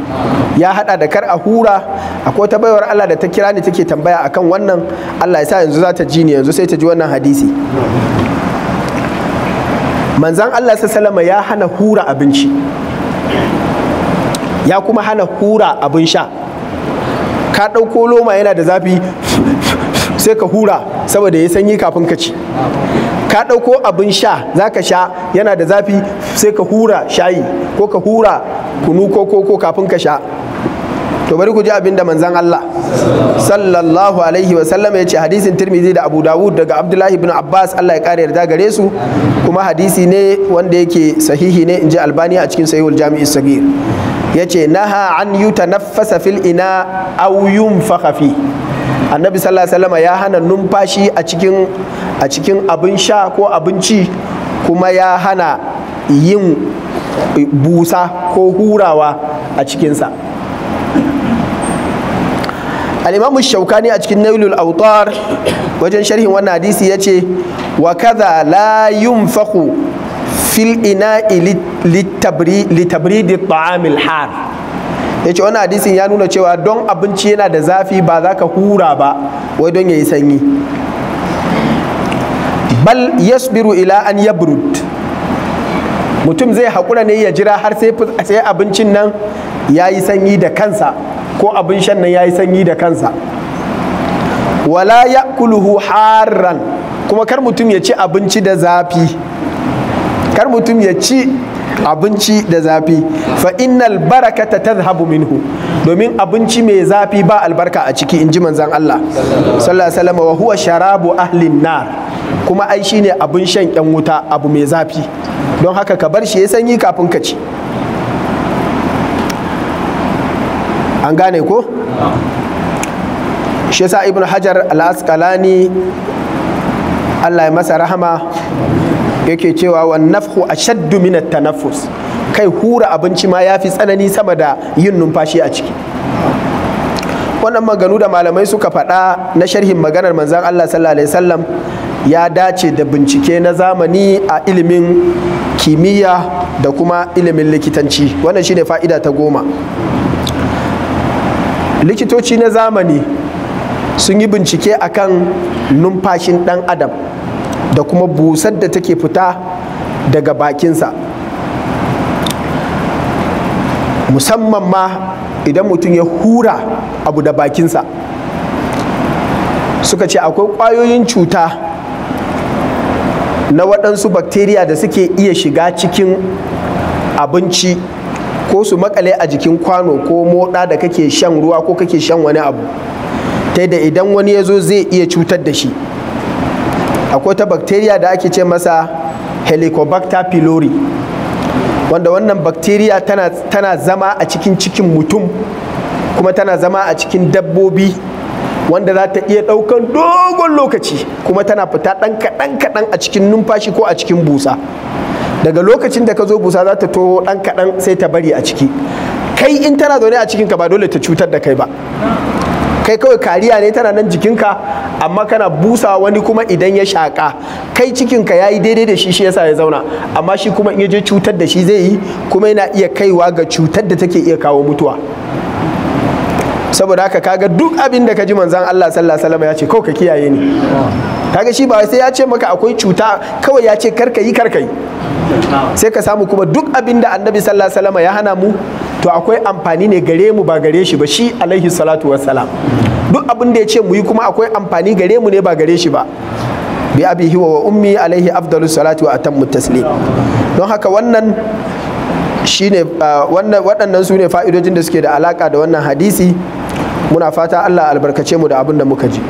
ya hada da kar a hura akwai ta baiwar Allah da ta kira ni take tambaya akan wannan Allah ya sa yanzu za ta ji ni yanzu sai ta ji wannan hadisi manzan Allah sallama ya hana hura abinci ya kuma hana hura abin sha ka ɗauko loma yana da zafi sai ka hura saboda ya sanyi kafin ka ci ka ɗauko abin sha za ka sha yana da zafi sai ka hura shayi ko ka hura kunu ko koko kafin ka sha to bari ku ji abin da manzan Allah sallallahu alaihi wa sallam ya ce hadisin Tirmidhi da Abu Dawud daga Abdullahi ibn Abbas Allah ya kare yarda gare su kuma hadisi ne wanda yake sahihi ne inji Albani a cikin Sahihul Jami'i Sagir yace naha an nafasa fil ina auyun fahafi annabi sallallahu alaihi wasallam ya hana numfashi a cikin a cikin abin sha ko abinci kuma ya hana yin busa ko hurawa a cikinsa al-imam shaukani a cikin nailul autar wajen sharhin wannan hadisi ya ce wa la fil ina'i litabridi ta'amil har ya ce wani hadisin ya nuna cewa don abinci yana da zafi ba za ka hura ba wai don ya sanyi bal yasbiru ila an yabrud mutum zai haƙura ne ya jira har sai abincin nan ya yi sanyi da kansa ko abin shan nan ya yi sanyi da kansa wala ya kuluhu harran kuma kar mutum ya ci abinci da zafi kar mutum ya ci abinci da zafi fa innal barakata tadhhabu minhu domin abinci mai zafi ba albarka a ciki In ji manzon Allah sallallahu alaihi wasallam wa huwa sharabu ahlin nar kuma ai shine abun shan yan wuta abu mai zafi don haka ka bar shi ya sanyi kafin ka ci an gane ko shi yasa ibnu hajar al-asqalani Allah ya masa rahama yake cewa wa nafhu ashaddu min at-tanaffus kai hura abinci ma yafi tsanani sama da yin numfashi a ciki wannan maganu da malamai suka faɗa na sharhin maganar manzan Allah sallallahu alaihi wasallam ya dace da bincike na zamani a ilimin kimiyya da kuma ilimin likitanci wannan shine fa'ida ta goma likitoci na zamani sun yi bincike akan numfashin dan adam da kuma busar da take fita daga bakinsa musamman ma idan mutum ya hura abu da bakinsa suka ce akwai kwayoyin cuta na waɗansu bakteriya da suke iya shiga cikin abinci ko su makale a jikin kwano ko moɗa da kake shan ruwa ko kake shan wani abu ta da idan wani ya zo zai iya cutar da shi akwai ta bakteriya da ake ce masa helicobacter pylori wanda wannan bacteria tana, tana zama a cikin cikin mutum kuma tana zama a cikin dabbobi wanda za ta iya ɗaukan dogon lokaci kuma tana fita ɗan kaɗan kaɗan a cikin numfashi ko a cikin busa daga lokacin da ka zo busa za ta to ɗan kaɗan sai ta bari a ciki kai in tana zaune a cikin ka ba dole ta cutar da kai ba kai kawai kariya ne tana nan jikinka amma kana busa wani kuma idan ya shaka kai cikinka ya yi daidai da shi shi yasa ya zauna amma shi kuma in ya je cutar da shi zai yi kuma yana iya kaiwa ga cutar da take iya kawo mutuwa saboda haka kaga duk abin da ka ji manzan Allah sallallahu alaihi ya ce kawai ka kiyaye ni kaga shi ba sai ya ce maka akwai cuta kawai ya ce karka yi karka yi sai ka samu kuma duk abin da annabi sallallahu alaihi ya hana mu to akwai amfani ne gare mu ba gare shi ba shi alaihi salatu wassalam duk abin da ya ce muyi kuma akwai amfani gare mu ne ba gare shi ba bi abihi wa ummi alaihi afdalu salatu wa atammu taslim don haka wannan shine uh, waɗannan su ne fa'idojin da suke da alaka da wannan hadisi muna fata Allah albarkace mu da abin da muka ji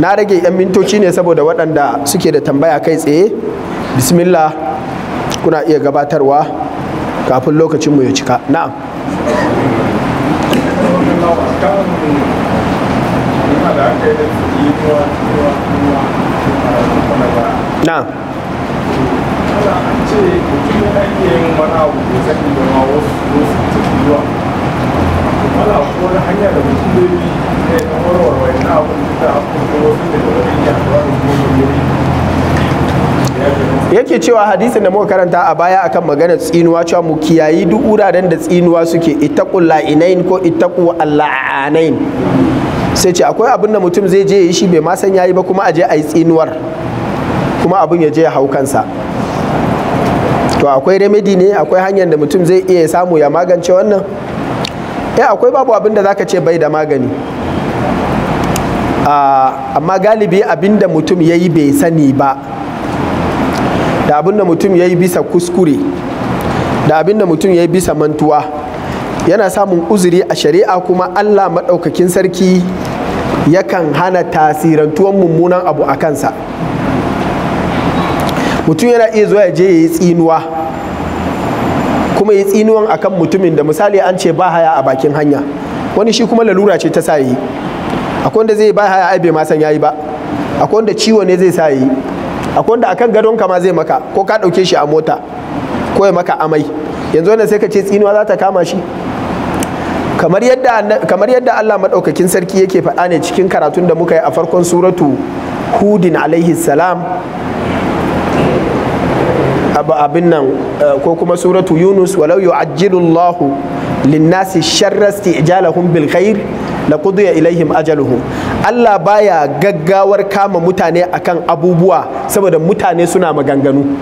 na rage 'yan mintoci ne saboda waɗanda suke da tambaya kai tsaye bismillah kuna iya gabatarwa kafin lokacin mu ya cika na'am lâu ở trong thì nếu mà đã kể đến sự gì mua mua mua còn lại là nào là anh chị cũng chưa đã yên bắt đầu cũng sẽ đi đường hầu cũng sẽ chụp đi luôn bắt đầu cô đã hãnh nhà được cũng đi thì nó có rồi rồi nào cũng đã cũng có sự để được đi nhà đó cũng đi đi yake cewa hadisin da muka karanta a baya akan maganar tsinuwa cewa mu kiyayi duk wuraren da tsinuwa suke itaqul la'inain ko ittaqu alla'anain sai ce akwai abin da mutum zai je yi shi bai ma san yayi ba kuma a je a yi tsinuwar kuma abin ya je ya hau kansa to akwai remedy ne akwai hanyar da mutum zai iya samu ya magance wannan eh akwai babu abin da zaka ce bai da magani ah, amma galibi abin da mutum ya yi bai sani ba da abinda mutum ya yi bisa kuskure da abinda mutum ya yi bisa mantuwa yana samun uzuri a shari'a kuma allah maɗaukakin sarki yakan hana tasirantuwan mummunan abu a kansa mutum yana iya zuwa ya je ya yi tsinuwa kuma ya yi tsinuwan akan mutumin da misali an ce ba haya a bakin hanya wani shi kuma lalura ce ta sa yi akwai wanda zai ba haya ai bai ma san yayi ba akwai wanda ciwo ne zai sa yi akwai wanda akan gadon ka ma zai maka ko ka ɗauke shi a mota ko ya maka amai yanzu wannan sai ka ce tsinuwa za ta kama shi kamar yadda kamar yadda Allah madaukakin sarki yake faɗa ne cikin karatun da muka yi a farkon suratu hudin alaihi salam abin nan eh, ko kuma suratu yunus walau yu'ajjilullahu linnasi sharrasti ijalahun bil khair la qudiya ilaihim ajaluhum Allah baya gaggawar kama mutane akan abubuwa saboda mutane suna maganganu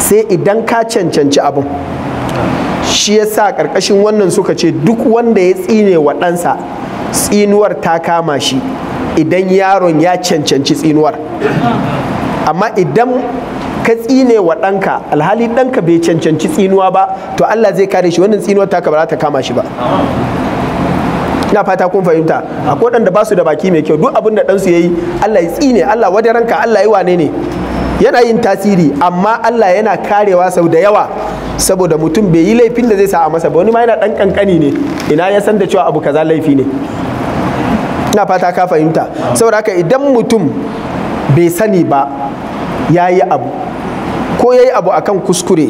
sai idan ka cancanci abin shi yasa karkashin wannan suka ce duk wanda ya tsine wa ɗansa tsinuwar ta kama shi idan yaron ya cancanci tsinuwar amma idan ka tsine wa ɗanka alhali ɗanka bai cancanci tsinuwa ba to Allah zai kare shi wannan tsinuwar ta kama shi ba ina fata kun fahimta akwai waɗanda ba su da baki mai kyau duk abin da ɗansu ya yi allah ya tsine allah wajen ranka allah ya wane ne yana yin tasiri amma allah yana karewa sau da yawa saboda mutum bai yi laifin da zai sa a masa ba wani ma yana ɗan kankani ne ina ya san da cewa abu kaza laifi ne ina fata ka fahimta saboda haka idan mutum bai sani ba ya yi abu ko ya yi abu akan kuskure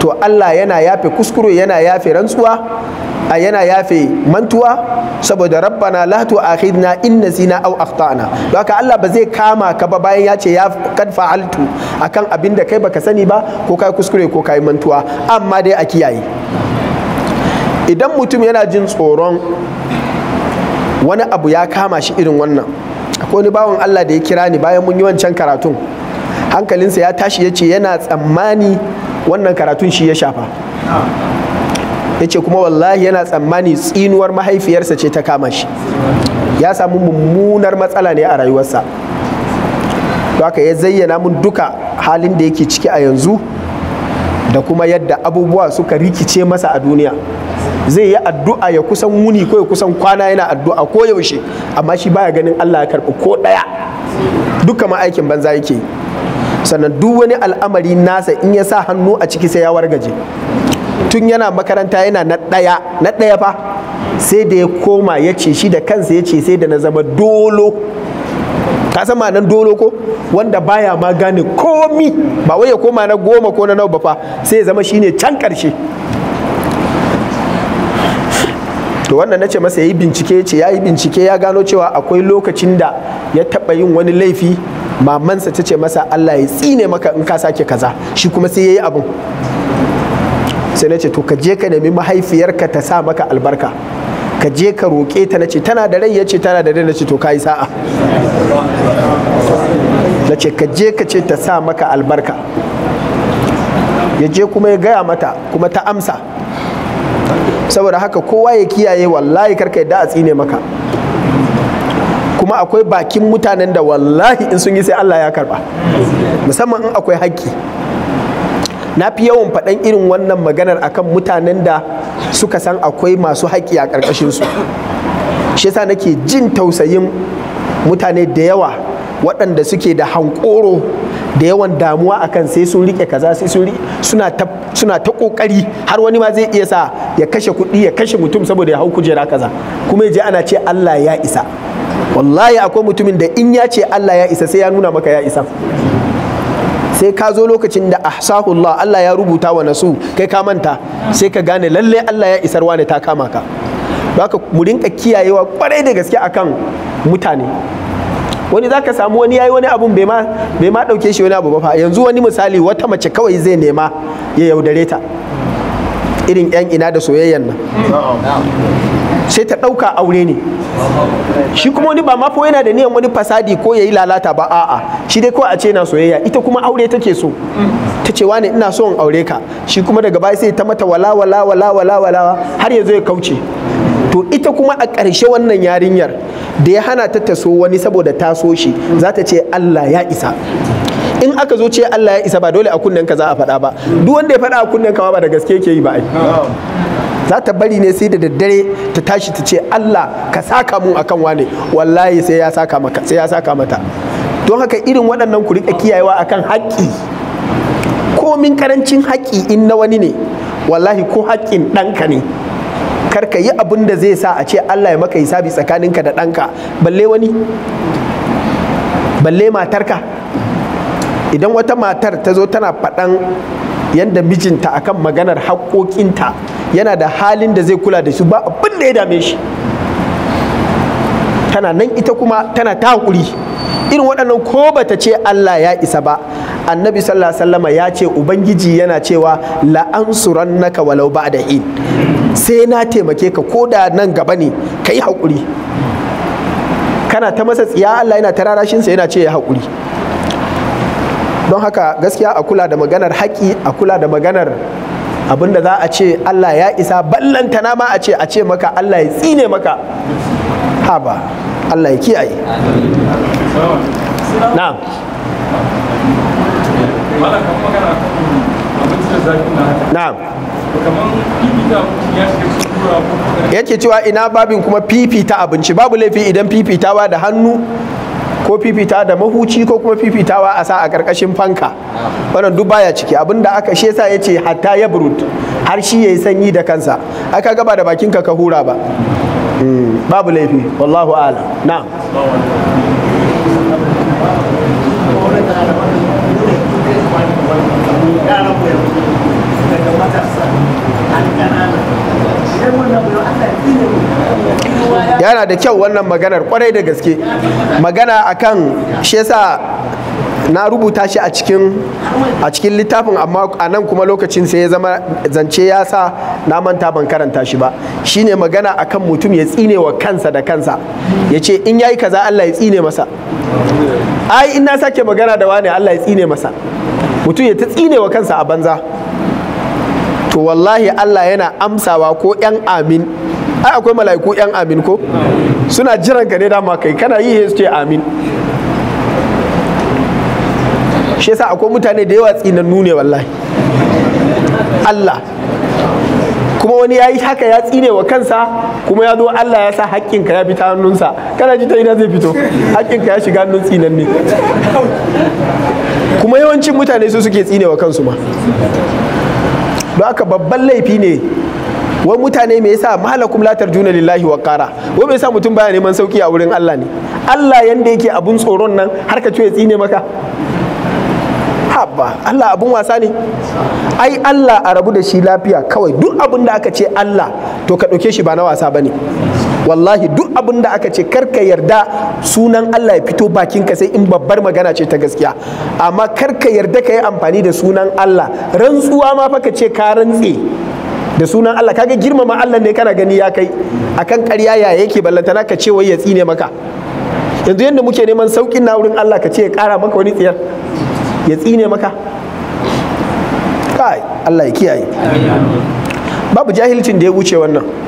to allah yana yafe kuskure yana yafe rantsuwa a yana yafe mantuwa saboda rabbana la tu'akhidna in nasina aw akhtana haka Allah ba zai kama ka ba bayan ya ce ya kad fa'altu akan abinda da kai baka sani ba ko kai kuskure ko kai mantuwa amma dai a kiyaye idan mutum yana jin tsoron wani abu ya kama shi irin wannan akwai wani bawan Allah da ya kira ni bayan mun yi wancan karatun hankalinsa ya tashi ya ce yana tsammani wannan karatun shi ya shafa yace kuma wallahi yana tsammani tsinuwar mahaifiyarsa ce ta kama shi ya samu mummunar matsala ne a rayuwarsa haka ya zayyana mun duka halin da yake ciki a yanzu da kuma yadda abubuwa suka rikice masa a duniya zai yi addu'a ya kusan wuni ko ya kusan kwana yana addu'a ko yaushe amma shi baya ganin Allah ya karɓi ko ɗaya duka ma aikin banza yake sannan duk wani al'amari nasa in ya sa hannu a ciki sai ya wargaje tun yana makaranta yana na ɗaya na ɗaya fa sai da ya koma ya ce shi da kansa ya ce sai da na zama dolo ka san nan dolo ko wanda baya ma gane komi ba wai ya koma na goma ko na nawa ba fa sai ya zama shine can karshe to wannan nace masa yayi bincike ce ya yi bincike ya gano cewa akwai lokacin da ya taba yin wani laifi mamansa ta ce masa Allah ya tsine maka in ka sake kaza shi kuma sai yayi abun sai na ce to ka je ka nemi mahaifiyarka ta sa maka albarka ka je ka roƙe ta na ce tana da rai ya ce tana da rai na ce to ka yi sa'a na ce ka je ka ce ta sa maka albarka ya je kuma ya gaya mata kuma ta amsa saboda haka kowa ya kiyaye wallahi karka yadda a tsine maka kuma akwai bakin mutanen da wallahi in sun yi sai Allah ya karba musamman in akwai haƙƙi na fi yawan faɗan irin wannan maganar akan mutanen da suka san akwai masu haƙƙi a ƙarƙashinsu shi yasa nake jin tausayin mutane da yawa waɗanda suke da hankoro da yawan damuwa akan sai sun riƙe kaza sai sun suna ta suna ta kokari har wani ma zai iya sa ya kashe kuɗi ya kashe mutum saboda ya hau kujera kaza kuma ya je ana ce Allah ya isa wallahi akwai mutumin da in ya ce Allah ya isa sai ya nuna maka ya isa sai ka zo lokacin da ahsahullah Allah ya rubuta wa nasu kai ka manta sai ka gane lalle Allah ya isarwa ne ta kama ka ka mu rinka kiyayewa kwarai da gaske akan mutane wani zaka samu wani ya yi wani abun bai ma bai dauke shi wani abu ba fa yanzu wani misali wata mace kawai zai nema ya yaudare ta irin yan ina da soyayyan nan sai ta dauka aure ne shi kuma wani ba ma fa yana da niyan wani fasadi ko yayi lalata ba a'a shi dai ko a ce na soyayya ita kuma aure take so ta ce wani ina so in aure ka shi kuma daga baya sai ta mata wala wala wala wala har yanzu ya kauce to ita kuma a ƙarshe wannan yarinyar da ya hana ta taso wani saboda ta so shi za ta ce Allah ya isa in aka zo ce Allah ya isa ba dole a kunnen ka za a faɗa ba duk wanda ya faɗa a kunnen ka ba da gaske yake yi ba ai za ta bari ne sai da daddare ta tashi ta ce Allah ka saka mu akan wane wallahi sai ya saka maka sai ya saka mata don haka irin waɗannan ku rika kiyayewa akan haƙƙi komin karancin haƙƙi in na wani ne wallahi ko haƙƙin ɗanka ne kar ka yi abin da zai sa a ce Allah ya maka hisabi tsakaninka da ɗanka balle wani balle matarka idan wata matar ta zo tana faɗan yadda mijinta akan maganar haƙoƙinta yana da halin da zai kula da su ba abin da ya dame shi tana nan ita kuma tana ta haƙuri irin waɗannan ko bata ce Allah ya isa ba annabi sallallahu alaihi wasallam ya ce ubangiji yana cewa la ansurannaka walau ba'da in sai na taimake ka ko da nan gaba ne kai hakuri kana ta masa tsiya Allah yana tararashin sa yana ce ya hakuri don haka gaskiya a kula da maganar haƙi a kula da maganar abinda za a ce Allah ya isa na ma a ce a ce maka Allah ya tsine maka ba Allah ya kiyaye na'am na'am yake cewa ina babin kuma fifita abinci babu laifi idan fifitawa da hannu ko fifita da mahuci ko kuma fifitawa a sa a karkashin fanka wannan duk baya ciki abinda aka shi yasa yace hatta ya burut har shi yayi sanyi da kansa aka gaba da bakin ka ka hura ba hmm, babu laifi wallahu a'lam na'am yana da kyau wannan maganar kwarai da gaske magana akan shi yasa na rubuta shi a cikin littafin amma a nan kuma lokacin sai ya zama zance ya sa na manta ban karanta shi ba shine magana akan mutum ya tsine wa kansa da kansa ya ce in yayi kaza Allah ya tsine masa ai in na sake magana da wani Allah ya tsine masa mutum ya ta tsine wa kansa a banza to wallahi Allah yana amsawa ko yan amin ai akwai mala'iku yan amin ko suna jiran ka ne dama kai kana yi ce amin shi yasa akwai mutane da yawa tsinannu ne wallahi Allah kuma wani ya yi haka ya tsine wa kansa kuma ya zo Allah ya sa haƙƙinka ya fita hannunsa kana ji ta ina zai fito haƙƙinka ya shiga hannun tsinan ne kuma yawancin mutane su suke tsine wa kansu ma don haka babban laifi ne wani mutane me yasa mahalakum la tarjuna lillahi wa qara wai me yasa mutum baya neman sauki a wurin Allah ne Allah yanda yake abun tsoron nan har ka ya tsine maka Haba Allah abun wasa ne ai Allah a rabu da shi lafiya kawai duk abun da aka ce Allah to ka ɗauke shi ba na wasa bane wallahi duk abin da aka ce karka yarda sunan Allah ya fito bakinka sai in babbar magana ce ta gaskiya amma karka yarda ka yi amfani da sunan Allah rantsuwa ma fa ka ce ka rantse da sunan Allah kaga girmama Allah ne kana gani ya kai akan ƙarya ya yake ballantana ka ce wai ya tsine maka yanzu yadda muke neman saukin na wurin Allah ka ce ya ƙara maka wani tsiyar ya tsine maka kai Allah ya kiyaye babu jahilcin da ya wuce wannan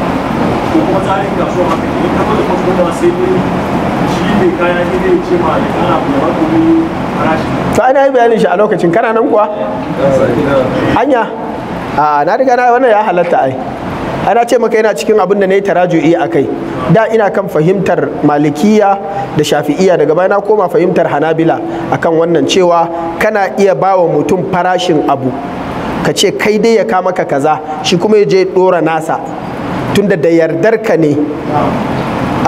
ko kuma ya yi bayanin shi a lokacin kana nan kuwa anya a na riga na wannan ya halatta ai ana ce maka yana cikin abin da na yi taraju'i a kai da ina kan fahimtar malikiya da shafi'iya daga baya na koma fahimtar hanabila akan wannan cewa kana iya ba wa mutum farashin abu ka ce kai dai ya kama ka kaza shi kuma ya je dora nasa tunda da yardar ka ne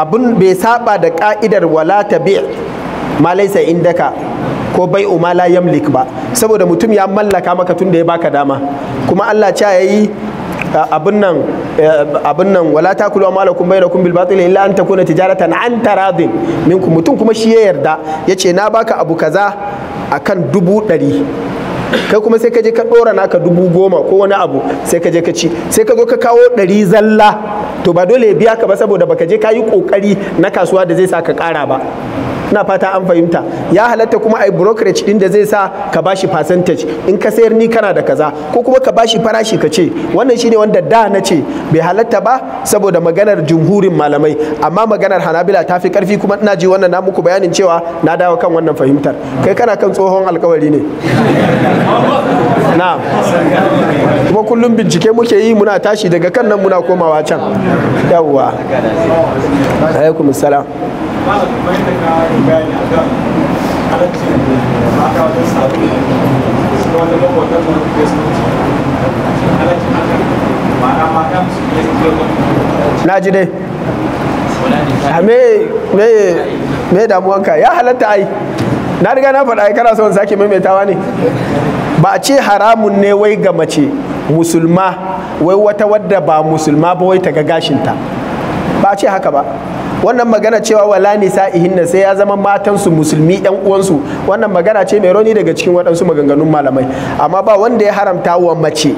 abun bai saba da ka'idar wala tabi ma laisa indaka ko bai umala la yamlik ba saboda mutum ya mallaka maka tunda ya baka dama kuma Allah ya yayi abin nan eh, abun nan wala takulu amalakum bainakum bil batil illa an takuna tijaratan an taradin minkum mutum kuma shi ya yarda yace na baka abu kaza akan dubu ɗari kai kuma sai ka je ka ɗora naka dubu goma ko wani abu sai ka je ka ci sai ka zo ka kawo ɗari zalla to ba dole ya biya ka ba saboda baka je ka yi ƙoƙari na kasuwa da zai sa ka ƙara ba na fata an fahimta ya halatta kuma ai brokerage din da zai sa ka bashi percentage in ka sayar ni kana da kaza ko kuma ka bashi farashi ka ce wannan shine wanda da na ce bai halatta ba saboda maganar jumhurin malamai amma maganar hanabila ta fi karfi kuma ina ji wannan na muku bayanin cewa na dawo kan wannan fahimtar kai kana kan tsohon alkawari ne na kuma kullum bincike muke yi muna tashi daga kan nan muna komawa can yawwa alaikum salam malam kamar ka bayani a kan mata wajen sabu su su ci haka mata su na ji dai me me me damuwanka ya halatta ai na riga na faɗa kana son sake maimaitawa ne ba a ce haramun ne wai ga mace musulma wai wata wadda ba musulma ba wai ta ga gashinta ba a ce haka ba wannan magana cewa wala nisa'ihinna sai ya zama matansu musulmi yan uwansu wannan magana ce mai rauni daga cikin waɗansu maganganun malamai amma ba wanda ya haramta wa mace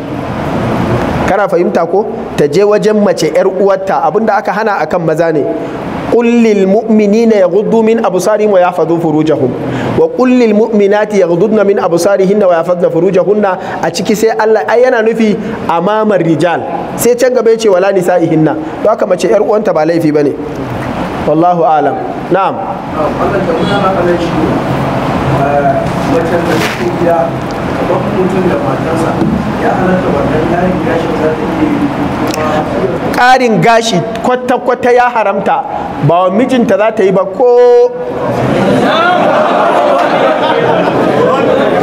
kana fahimta ko ta je wajen mace yar uwarta abinda aka hana akan maza ne قل للمؤمنين يغضوا من أبصارهم ويحفظوا فروجهم وقل للمؤمنات يغضضن من أبصارهن ويحفظن فروجهن أتشكي سي الله أينا نفي أمام الرجال سي تشنغ بيتي ولا نسائهن aka mace تشير وانت بالي في بني wallahu alam na'am da eh, gida mutum da matarsa ya halatta wannan gashi za ta ƙarin gashi kwata-kwata ya haramta ba wa mijinta za ta yi ba ko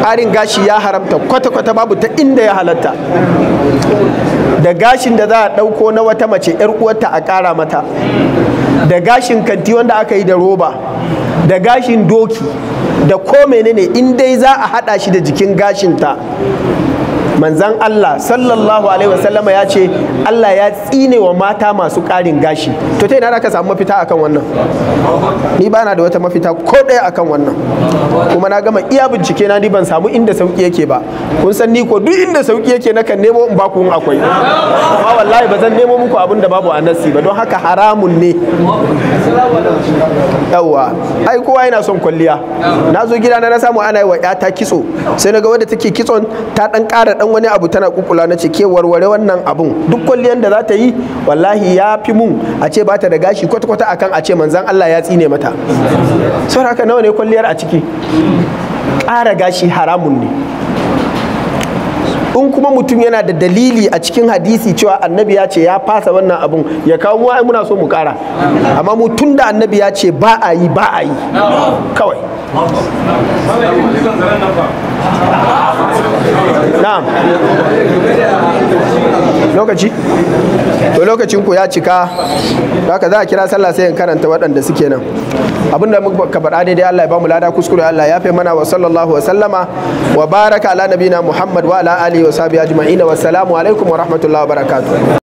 ƙarin gashi ya haramta kwata-kwata babu ta inda ya halatta da gashin da za a ɗauko na wata mace 'yar uwarta a ƙara mata da gashin kanti wanda aka yi da roba da gashin doki da ko menene in dai za a haɗa shi da jikin gashinta manzan Allah sallallahu alaihi wasallama ya ce Allah ya tsine wa mata masu ƙarin gashi to ta ina ka samu mafita akan wannan ni ba na da wata mafita ko ɗaya akan wannan kuma na gama iya bincike na ni ban samu inda sauki yake ba kun san ni ko duk inda sauki yake na kan nemo in baku in akwai amma wallahi ba zan nemo muku abin da babu a nasi ba don haka haramun ne Yawa, ai kowa yana son kwalliya na zo gida na na samu ana yi wa 'yata kitso sai na ga wadda take kitson ta dan ƙara dan wani abu tana kukula na ce ke warware wannan abun duk kwalliyar da za ta yi wallahi ya fi mun a ce ba ta da gashi kwata-kwata akan a ce manzan Allah ya tsine mata sau haka nawa ne kwalliyar a ciki ƙara gashi haramun ne in kuma mutum yana da dalili a cikin hadisi cewa annabi ya ce ya fasa wannan abun ya kawo wa ai muna so mu kara amma mu da annabi ya ce ba a yi ba a yi kawai na'am lokaci to lokacin ku ya cika haka za a kira sallah sai in karanta waɗanda suke nan abinda muka faɗa daidai Allah ya bamu lada kuskure Allah ya fi mana wa sallallahu wa sallama wa baraka ala nabina Muhammad wa ala alihi wa sahbihi ajma'ina wa salamu alaikum wa rahmatullahi wa barakatuh